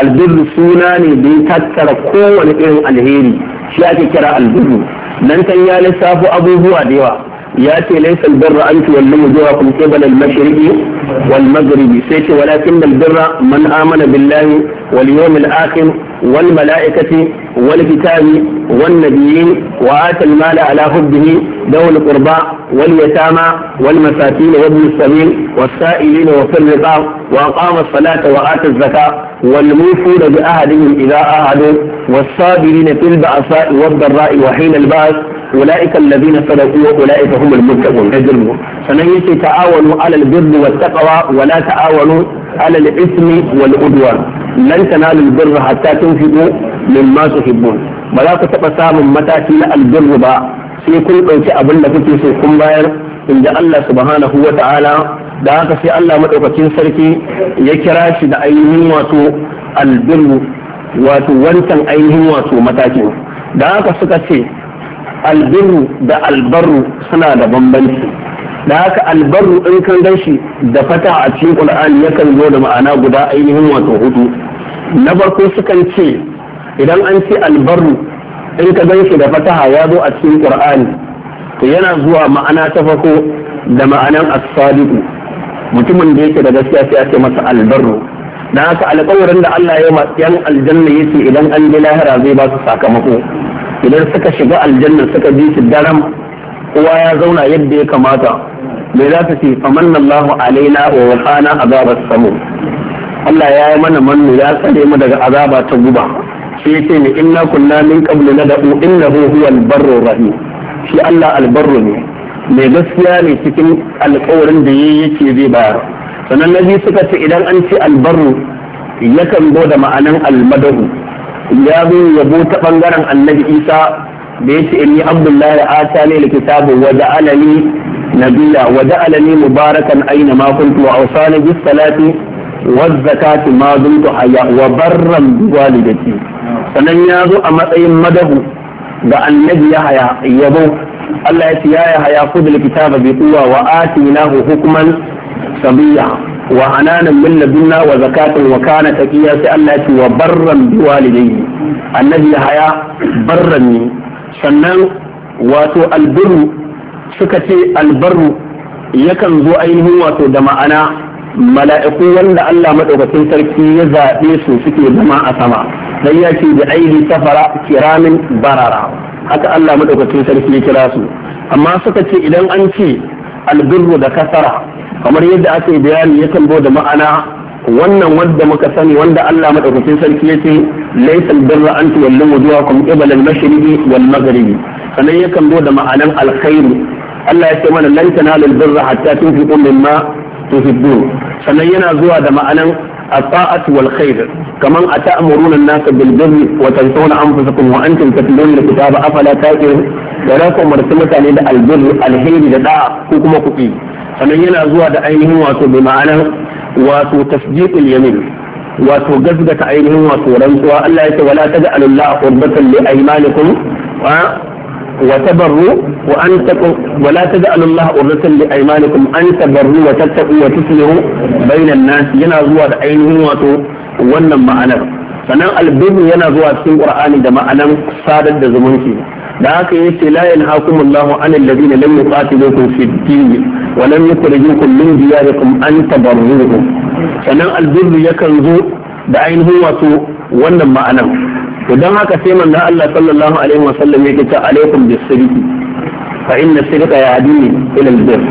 albirru suna ne da ya tattara kowane irin alheri shi ake kira albirru nan kan ya lissafo abubuwa da yawa ya ce laysa albirra an tuwallu wujuhakum qibala al-mashriqi wal maghribi sai ce walakin albirra man amana billahi wal yawmil akhir wal mala'ikati والكتاب والنبيين وآتى المال على حبه ذوي القربى واليتامى والمساكين وابن السبيل والسائلين وفي الرقاب وأقام الصلاة وآتى الزكاة والموفون بأهلهم إذا أهدوا والصابرين في البأساء والضراء وحين البأس أولئك الذين صدقوا أولئك هم المتقون أجرموا فنيسي تعاونوا على البر والتقوى ولا تعاونوا على الإثم والعدوان lan tanalu albirra hatta tunfiqu mimma tuhibbun ba za ku taba samun mataki na albirru ba sai kun dauki abin da kuke so kun bayar inda Allah subhanahu wa ta'ala da haka sai Allah madaukakin sarki ya kira shi da ainihin wato albirru wato wancan ainihin wato matakin da haka suka ce albirru da albarru suna da bambanci da haka albarru in kan ganshi da fata a cikin qur'ani yakan zo da ma'ana guda ainihin wato hudu na farko sukan ce idan an ce albarru in ka gan shi da fataha ya zo a cikin qur'ani to yana zuwa ma'ana ta farko da ma'anan as mutumin da yake da gaskiya sai a ce masa albarru dan haka alƙawarin da Allah ya masu yan aljanna yace idan an je lahira zai ba su sakamako idan suka shiga aljanna suka ji su daram kowa ya zauna yadda ya kamata me za ta ce famanna Allahu alaina wa wahana azabas samum Allah ya yi mana mannu ya tsare mu daga azaba ta guba sai ya ce inna kunna min qablu nad'u innahu huwal barru rahim shi Allah albarru ne mai gaskiya ne cikin alƙawarin da yayi yake zai bayar sannan nabi suka ce idan an ce albarru yakan zo da ma'anan almadahu ya zo yabo ta bangaren annabi Isa da yace inni abdullahi atani alkitabu wa ja'alani nabiyya wa ja'alani mubarakan aina ma kuntu wa awsani bis salati والزكاة ما دمت حيا وبرا بوالدتي sannan ya zo a matsayin madahu ga annabi ya haya yabo Allah ya ce ya haya kudul kitaba bi quwwa wa atinahu hukman sabiya wa hananan min ladunna wa zakatan wa kana taqiya sai Allah ya ce wa barran bi walidayhi annabi ya haya barran ne sannan wato albirru suka ce albarru yakan zo ainihin wato da ma'ana mala'iku wanda Allah madaukakin sarki ya zaɓe su suke zama a sama dan ya ce da tafara safara kiramin barara haka Allah madaukakin sarki ya kira su amma suka ce idan an ce albirru da kasara kamar yadda ake bayani ya tambo da ma'ana wannan wanda muka sani wanda Allah madaukakin sarki ya ce laysa albirra an tuwallu wujuhakum qibala al-mashriqi wal maghribi sannan ya tambo da ma'anan alkhairu Allah ya ce mana lan tanalu birra hatta tunfiqu mimma tuhibbun sannan yana zuwa da ma'anan الطاعة والخير كمان أتأمرون الناس بالبر وتنسون أنفسكم وأنتم تتلون الكتاب أفلا تأكلون ولكم مرسلة إلى البر الخير لدعاء حكم حقي sannan yana zuwa da ainihin wato bi ma'anar wato tasdiqul yamin wato gazgata ainihin wato rantsuwa Allah ya ce wala taj'alu Allah qurbatan li aymanikum wa وتبروا وأن تكون ولا تجعلوا الله أرسا لأيمانكم أن تبروا وتتقوا وتصلحوا بين الناس ينا زوا da ainihin wato wannan ma'anar sannan albirru yana zuwa cikin qur'ani da ma'anar sadar da zumunci da haka yace la yanhaakumullahu anil ladina lam yuqatilukum fid din wa lam yukhrijukum min diyarikum an tabarruhum sannan albirru yakan zo da ainihin wato wannan ma'anar to dan haka sai manzo Allah sallallahu alaihi wasallam yake ta alaikum bis-sidqi fa inna as-sidqa ila al-birr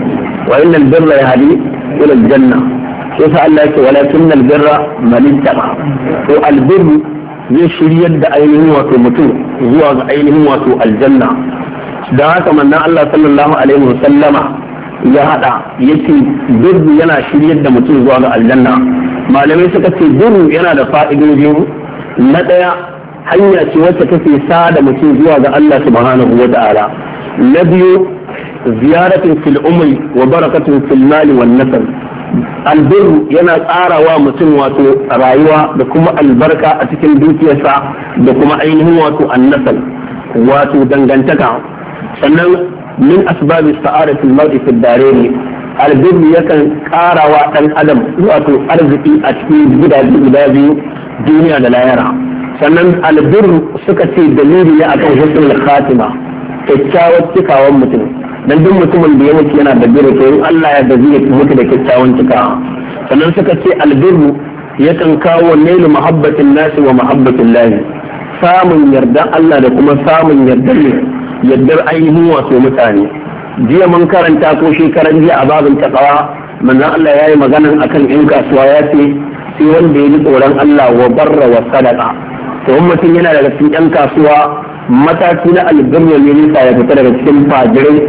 wa inna al-birra yahdi ila al-janna sai Allah yake walakin al-birra man ittaba to al-birr zai shiryar da ainihin wato mutum zuwa ga ainihin wato aljanna dan haka manzo Allah sallallahu alaihi wasallama ya hada yake birru yana shiryar da mutum zuwa ga aljanna malamai suka ce birru yana da fa'idodi na ɗaya hanya ce wacce take da mutum zuwa ga Allah subhanahu wa ta'ala na biyu ziyaratin fil umri wa barakatun fil mali wan nasab albirru yana tsarawa mutum wato rayuwa da kuma albarka a cikin dukiyarsa da kuma ainihin wato annasal wato dangantaka sannan min asbabi sa'adatul mar'i fil darain albirru yakan karawa dan adam wato arziki a cikin gidaje guda biyu duniya da lahira sannan albir suka ce dalili ne akan husnul khatima kyakkyawar cikawan mutum dan duk mutumin da ya mutu yana da birru to in Allah ya da zai mutu da kyakkyawan cikawa sannan suka ce albirru yakan kawo nailu mahabbatin nasi wa mahabbatin lahi samun yardan Allah da kuma samun yardar ne yardar ainihin wato mutane jiya mun karanta ko shekaran jiya a babin takawa manzon Allah ya yi maganan akan in kasuwa ya ce sai wanda ya yi tsoron Allah wa barra wa sadaqa to mutum yana daga cikin yan kasuwa mataki na algamiyar ne nisa ya fita daga cikin fajirai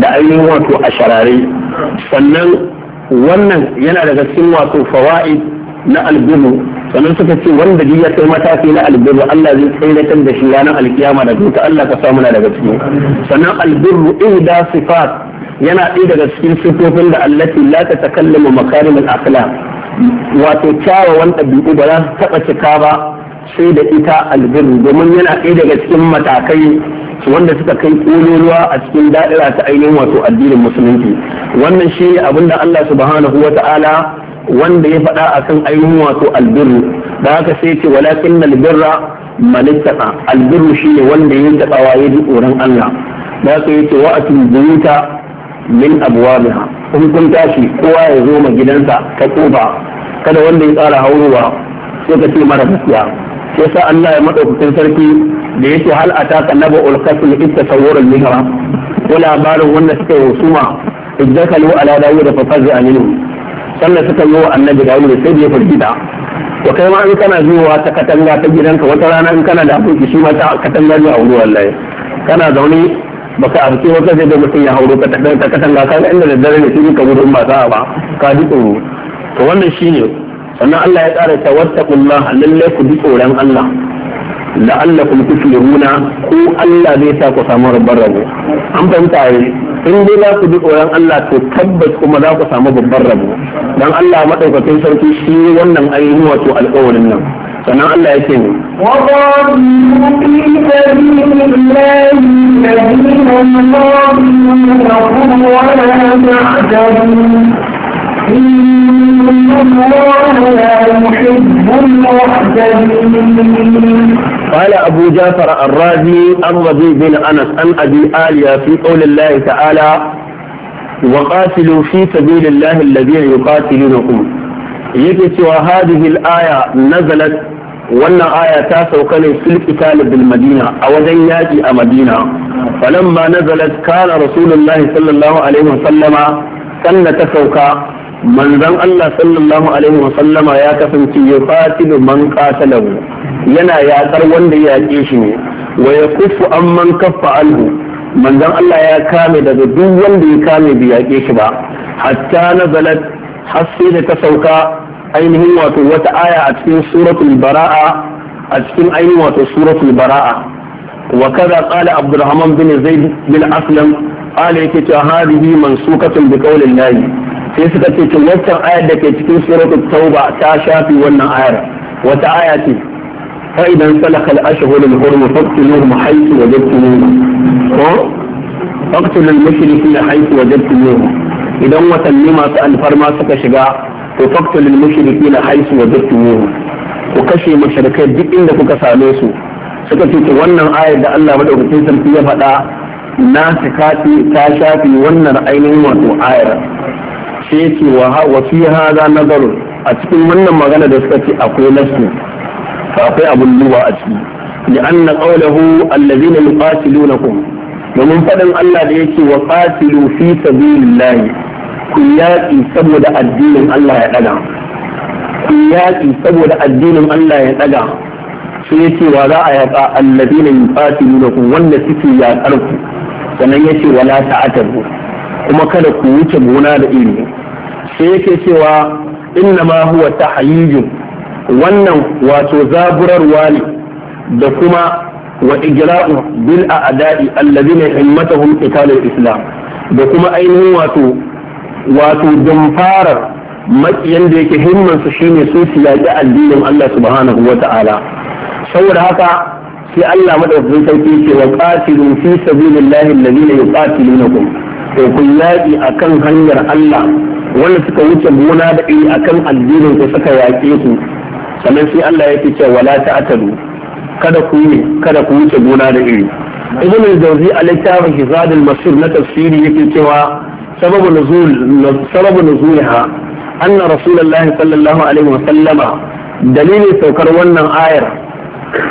da ainihin wato a sharare sannan wannan yana daga cikin wato fawaid na albiru sannan suka ce wanda duk ya kai mataki na albirru Allah zai tsiratar da shi ranar alkiyama da duka Allah ka samu na daga ciki sannan albiru ihda sifat yana ɗaya daga cikin sifofin da allati la ta takallama makarimul akhlaq wato kyawawan ɗabi'u ba za su taɓa cika ba sai da ita albirru domin yana ɗaya daga cikin matakai wanda suka kai ƙololuwa a cikin da'ira ta ainihin wato addinin musulunci wannan shi ne abin Allah subhanahu wa ta'ala wanda ya faɗa a kan ainihin wato albir da haka sai ce walakin albirra malittaka albir shi ne wanda ya taɓawa ya ji tsoron Allah da haka ya ce wa'atun buyuta min abwabiha in kun tashi kowa ya zo ma gidansa ta kofa kada wanda ya tsara haurowa sai ka ce mara gaskiya yasa Allah ya madaukakin sarki da yake hal ataka naba ul qasim in tasawwur al mihra ko labarin wanda suka husuma idzakalu ala dawud fa faza aminu sannan suka yi wa annabi dawud sai da ya firgita to kai ma in kana zuwa ta katanga ta gidanka wata rana in kana da aboki shi ma ta katanga ne a wurin wallahi kana zaune baka abuke wata sai da mutum ya hauro ka katanga ka inda da dare ne sai ka gudun ba za ba ka ji tsoro to wannan shine sannan Allah ya tsara ta wattaqullah lalle ku bi tsoron Allah la'allakum tuflihuna ko Allah zai sa ku samu rabbar rabo an fahimta yi in dai za ku bi tsoron Allah to tabbas kuma za ku samu babban rabo dan Allah madaukakin sarki shi wannan ainihi wato alƙawarin nan sannan Allah ya ce ne وقاتلوا في سبيل الله الذين يقاتلونكم ولا تعتدوا قال أبو جعفر الرازي الرضي بن أنس أن أبي آلية في قول الله تعالى وقاتلوا في سبيل الله الذين يقاتلونكم يكتش هذه الآية نزلت وأن آية تاسع وكان في القتال بالمدينة أو زياتي أمدينة فلما نزلت كان رسول الله صلى الله عليه وسلم سنة فوقا manzon Allah sallallahu alaihi wa sallama ya kasance ya fatilu man qatalahu yana yaƙar wanda ya yaƙe shi ne wa ya kufu an man kaffa alhu manzon Allah ya kame daga duk wanda ya kame bai yaƙe shi ba hatta nazalat har sai da ta sauka ainihin wato wata aya a cikin suratul bara'a a cikin ainihin wato suratul bara'a wa kaza qala abdurrahman bin zaid bin aslam qala yake ta hadihi mansukatun bi qawlin sai suka ce to waccan ayar da ke cikin suratul tauba ta shafi wannan ayar wata aya ce fa idan salaka al-ashhur al-hurum faqtuluhum haythu wajadtumuhum ko faqtul al-mushrikeena haythu wajadtumuhum idan watanni masu alfarma suka shiga to faqtul al-mushrikeena haythu wajadtumuhum ku kashe mushrikai duk inda kuka same su suka ce to wannan ayar da Allah madaukakin sarki ya faɗa na ta ta shafi wannan ainihin wato ayar sai yake wa fi hada nazarun a cikin wannan magana da suka ce akwai nasu akwai abun duba a ciki li'anna qawluhu allazina yuqatilunakum domin fadin Allah da yake wa qatilu fi sabilillah ku yaqi saboda addinin Allah ya daga ku yaqi saboda addinin Allah ya daga sai ce wa za a yaqa allazina yuqatilunakum wanda suke yaƙar ku sannan yace wala ta'atabu kuma kada ku wuce gona da ilimi sai yake cewa inna ma huwa tahayyijun wannan wato zaburarwa ne da kuma wa igra'u bil a'da'i alladhina himmatuhum qitalul islam da kuma ainihin wato wato dumfarar makiyan da yake himmansu shine su su yaƙi addinin Allah subhanahu wa ta'ala saboda haka sai Allah madaukakin sarki ce wa qatilun fi sabilillahi alladhina yuqatilunakum to kun yaƙi akan hanyar Allah wanda suka wuce gona da iri akan addinin ku suka yaƙe ku sannan sai Allah yake cewa wala ta'tadu kada ku yi kada ku wuce gona da iri ibn al-jawzi a littafin hizad al-masir na tafsiri yake cewa sababu nuzul sababu nuzulha anna rasulullahi sallallahu alaihi wa sallama dalilin saukar wannan ayar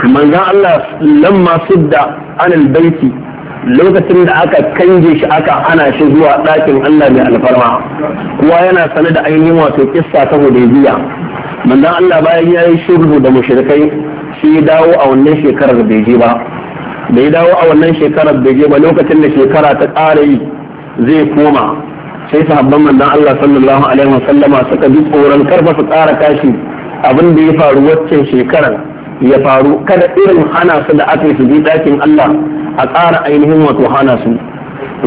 manzon Allah lamma sudda anil baiti lokacin da aka kange shi aka hana shi zuwa ɗakin Allah mai alfarma kuwa yana sane da ainihin wato kissa ta hudaybiya manzon Allah bayan ya yi shirhu da mushrikai shi ya dawo a wannan shekarar bai je ba da ya dawo a wannan shekarar bai je ba lokacin da shekara ta ƙara yi zai koma sai sahabban manzon Allah sallallahu alaihi wasallama suka bi tsoron karfa su ƙara kashi abin da ya faru waccan shekarar ya faru kada irin hana su da aka su bi dakin Allah a ƙara ainihin wato hana su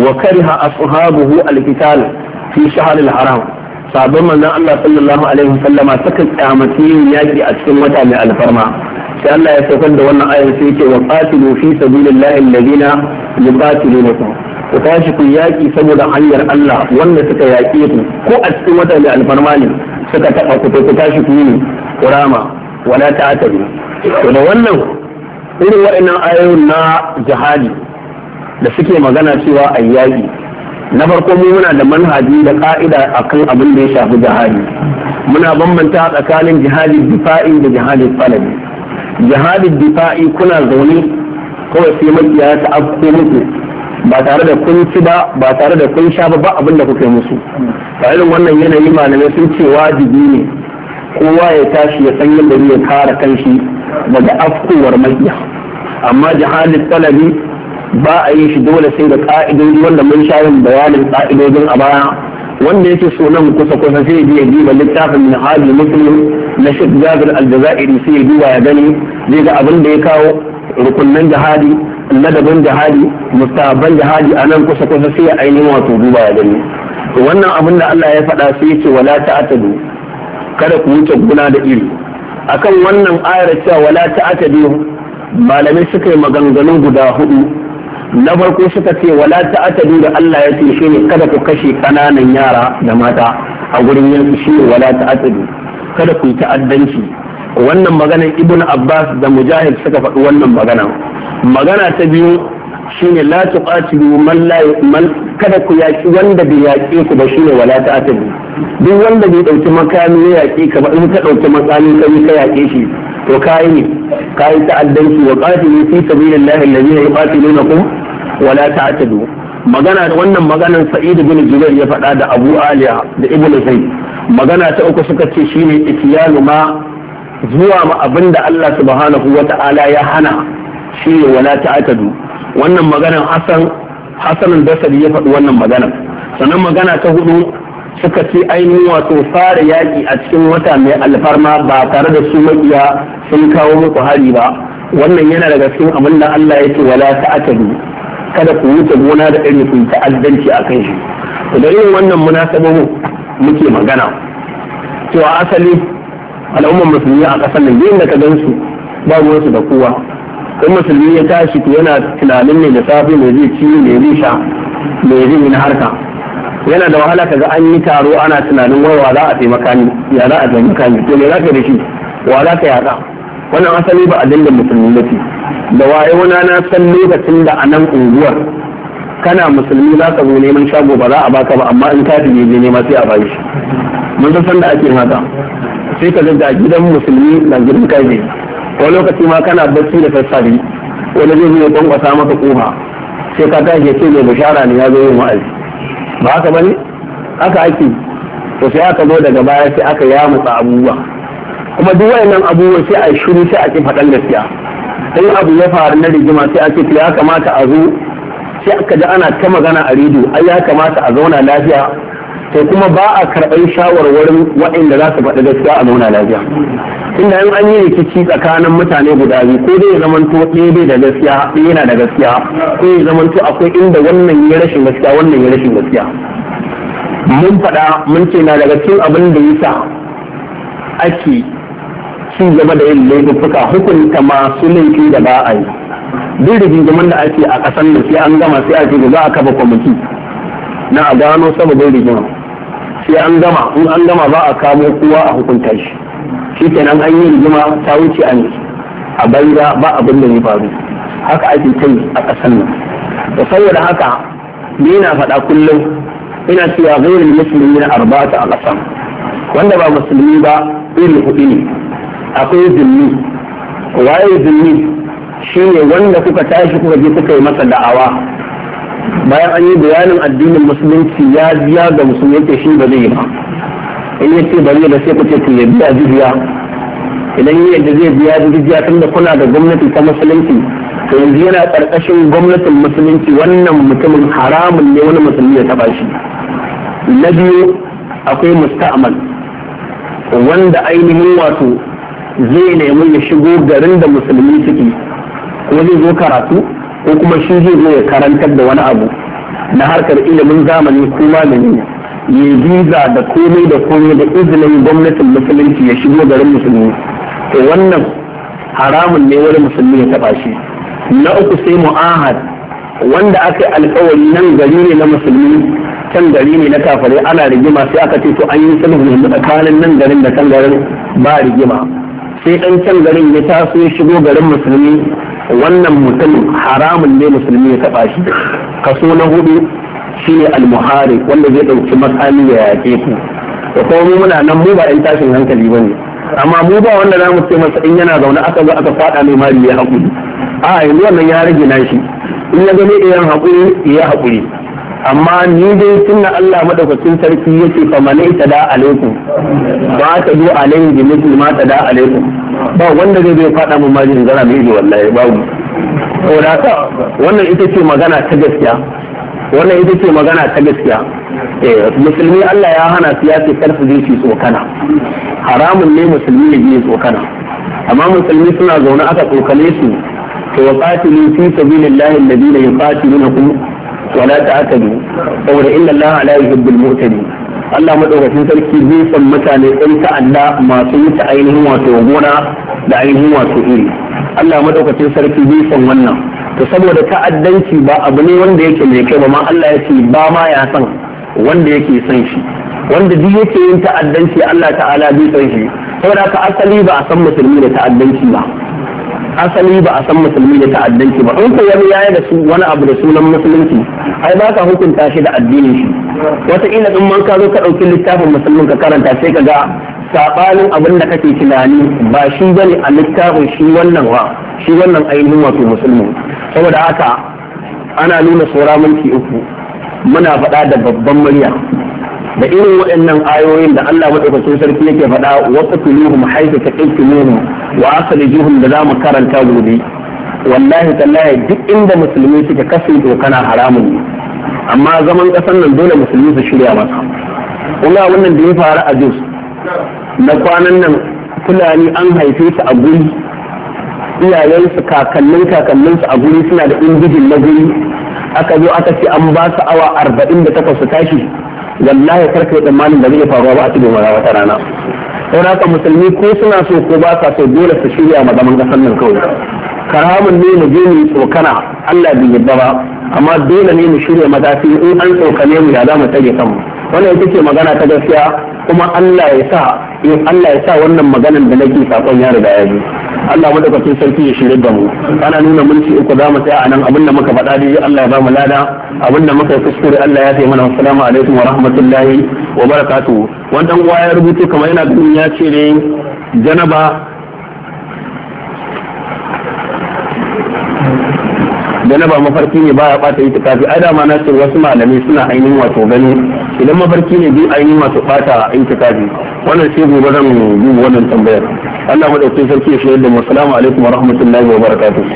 wa kariha ashabuhu alqital fi shahr alharam sabon manzon Allah sallallahu alaihi wasallama suka kyamaci yin yaki a cikin wata mai alfarma sai Allah ya saukar da wannan ayar sai yake wa qatilu fi sabilillahi alladhina yuqatilunakum ku tashi ku yaki saboda hanyar Allah wanda suka yaƙe ku ko a cikin wata mai alfarma ne suka taɓa ku ku tashi ku yi ne kurama wala ta'atabi to wannan irin waɗannan ayoyin na jihadi da suke magana cewa a yaƙi na farko mu muna da manhaji da ka'ida akan abin da ya shafi jihadi muna bambanta tsakanin jihadi difa'i da jihadi falabi jihadi difa'i kuna zaune kawai sai makiya ta afko muku ba tare da kun ci ba ba tare da kun sha ba abin da kuka musu ba irin wannan yanayi malamai sun ce wajibi ne kowa ya tashi ya san yadda ya kare kanshi daga afkowar mal'iya amma jihadin talabi ba a yi shi dole sai da ƙa'idoji wanda mun sha yin bayanin ka'idodin a baya wanda yake so nan kusa kusa sai ya duba littafin na hajji muslim na shek jabir aljazairi sai ya duba ya gani zai ga abin da ya kawo rukunnan jihadi ladabin jihadi mustaban jihadi a nan kusa kusa sai ya ainihin wato duba ya gani wannan abin da Allah ya faɗa sai ya ce wala ta'tadu kada ku wuce guna da iri akan wannan ayar cewa wala biyu malamai suka yi maganganu guda hudu na farko suka ce wala biyu da Allah ya ce shine kada ku kashe kananan yara da mata a gurin yanzu shine wala biyu kada ku yi ta'addanci wannan maganar ibnu abbas da mujahid suka faɗi wannan magana magana ta biyu shine la tuqatilu man la kada ku yaki wanda bai yaƙe ku ba shine wala biyu. duk wanda bai ɗauki makami ya yaƙe ka ba in ka ɗauki makami ka yi ka yaƙe shi to kayi ne kayi ta'addanci wa qatilu fi sabilillahi allazina yuqatilunakum wa la ta'tadu magana wannan maganar sa'id bin jubair ya faɗa da abu aliya da ibn zayd magana ta uku suka ce shine ityanu ma zuwa ma abinda Allah subhanahu wa ta'ala ya hana shine wa la ta'tadu wannan maganar hasan hasan basri ya faɗi wannan magana sannan magana ta hudu suka ci ainihin wato fara yaƙi a cikin wata mai alfarma ba tare da su makiya sun kawo muku hari ba wannan yana daga cikin abin da Allah ya ce wala ta'tadu kada ku wuce gona da irin ku ta'addanci a kan shi to da irin wannan munasabobin muke magana cewa asali al'ummar musulmi a ƙasar nan yayin da ka gansu ba ruwansu da kowa in musulmi ya tashi to yana tunanin ne da safe mai zai ci mai zai sha mai zai yi na harka yana da wahala kaga an yi taro ana tunanin wai za a taimaka ni ya za a taimaka ni to me za ka da shi wa za ka yaɗa wannan asali ba addinin musulmi ba da waye wani na san lokacin da a nan unguwar kana musulmi za ka zo neman shago ba za a baka ba amma in kafin je nema sai a bayi shi mun san sanda ake haka sai ka ga gidan musulmi na gidan kaje wani lokaci ma kana barci da sassafe wani zai zo ya kwankwasa maka kofa sai ka tashi ya ce mai bishara ne ya zo yin wa'azi ba haka bane haka ake to sai aka zo daga baya sai aka yamutsa abubuwa kuma duk wayannan abubuwa sai a shiru sai a ki faɗan gaskiya sai abu ya faru na rigima sai a ce ya kamata a zo sai aka ji ana ta magana a rediyo ai ya kamata a zauna lafiya sai kuma ba a karɓar shawarwarin waɗanda za su faɗi gaskiya a zauna lafiya inda in an yi rikici tsakanin mutane guda biyu ko zama to ɗaya bai da gaskiya ɗaya yana da gaskiya ko ya to akwai inda wannan ya rashin gaskiya wannan ya rashin gaskiya mun faɗa mun ce na daga cikin abin da ya sa ake ci gaba da yin laifuka hukunta masu laifi da ba a yi duk rigingimin da ake a ƙasar da sai an gama sai ake da za a kafa kwamiti na a gano saboda rigima sai an gama in an gama ba a kamo kowa a hukunta shi shi kenan an yi rigima ta wuce a a banza ba abin da ya faru haka ake kai a ƙasar nan da saboda haka ni na faɗa kullum ina cewa gairin musulmi na arbata a ƙasar wanda ba musulmi ba irin hudu ne akwai zulmi waye zulmi shine wanda kuka tashi kuka je kuka yi masa da'awa bayan an yi bayanin addinin musulunci ya biya ga musulunci shi ba zai yi ba in ya ce bari da sai ku ce to ya biya jizya idan yi yadda zai biya tun da kuna da gwamnati ta musulunci to yanzu yana karkashin gwamnatin musulunci wannan mutumin haramun ne wani musulmi ya taba shi na biyu akwai musta'amal wanda ainihin wato zai nemi ya shigo garin da musulmi suke ko zai zo karatu ko kuma shi zai zo ya karantar da wani abu na harkar ilimin zamani kuma da ne ya biza da komai da komai da izinin gwamnatin musulunci ya shigo garin musulmi to wannan haramun ne wani musulmi ya taɓa shi na uku sai mu'ahad wanda aka yi alkawari nan gari ne na musulmi can gari ne na kafare ana rigima sai aka ce to an yi sulhu ne tsakanin nan garin da can garin ba rigima sai dan can garin ya taso ya shigo garin musulmi wannan mutum haramun ne musulmi ya taɓa shi kaso na hudu shine al-muhari wanda zai dauki matsali ya yake ku da kuma mu muna nan mu ba ɗan tashin hankali bane amma mu ba wanda za mu ce masa in yana zaune aka zo aka faɗa mai mari ya haƙuri a yanzu wannan ya rage nashi in ya gani ɗayan haƙuri ya haƙuri amma ni dai tunna Allah madaukakin sarki yake fa mane ta da alaikum ba ta zo alaihi bi mithli ma ta da alaikum ba wanda zai zai faɗa mun mari zara mai wallahi babu saboda haka wannan ita ce magana ta gaskiya wannan ita ce magana ta gaskiya eh, musulmi Allah ya hana su ya ce karfi zai ci tsokana haramun ne musulmi ya je tsokana amma musulmi suna zaune aka tsokane su to wa qatilu fi na alladhina yuqatilunakum wa la ta'tadu saboda inna Allah yi yuhibbul mu'tadin Allah madaukakin sarki zai san mutane ɗan ta'adda masu wuce ainihin wato gona da ainihin wato iri Allah madaukakin sarki zai san wannan to saboda ta'addanci ba abu ne wanda yake mai kai ba ma Allah ya ce ba ma ya san wanda yake san shi wanda duk yake yin ta'addanci Allah ta'ala bai san shi saboda ka asali ba a san musulmi da ta'addanci ba asali ba a san musulmi da ta'addanci ba in ko wani yayi da su wani abu da sunan musulunci ai ba ka hukunta shi da addinin shi wata ina in man ka zo ka dauki littafin musulmin ka karanta sai ka ga sabanin abin da kake tunani ba shi bane a littafin shi wannan wa shi wannan ainihin wato musulmi saboda haka ana nuna tsora mulki uku muna faɗa da babban murya da irin waɗannan ayoyin da Allah maɗaukacin sarki yake faɗa wa qatuluhum ɗauki taqtuluhum wa juhun da zamu karanta gobe wallahi tallahi duk inda musulmi suke kasu dokana haramun ne amma zaman ƙasar nan dole musulmi su shirya masa kuma wannan da ya faru a Jos na kwanan nan Fulani an haife su a guri iyayensu kakannin kakanninsu a guri suna da injijin na guri aka zo aka ce an ba su awa arba'in da takwas su tashi wallahi karka yi tsammanin da zai faruwa ba a cikin mara wata rana don haka musulmi ko suna so ko ba sa so dole su shirya ma zaman nan kawai karamin ne mu je mu tsokana Allah bai yadda ba amma dole ne mu shirya madafi in an tsokane mu ya za mu kanmu wannan ita ce magana ta gaskiya kuma Allah ya sa in Allah ya sa wannan maganan da nake sakon ya riga ya ji Allah madaukakin sarki ya shirye da mu ana nuna mulki uku za mu tsaya a nan abin da muka faɗa dai Allah ya ba mu lada abin da muka yi kuskure Allah ya taimana assalamu alaikum wa rahmatullahi wa barakatuhu wannan uwa ya rubutu kamar yana ganin ya ce ne janaba janaba mafarki ne baya bata yi tukafi ai dama na ce wasu malamai suna ainihin wato gani idan mafarki ne bi ainihin wato bata yi tukafi wannan sai gobe zan yi wannan tambayar Allah madaukakin sarki ya shayar da mu assalamu alaikum wa rahmatullahi wa barakatuh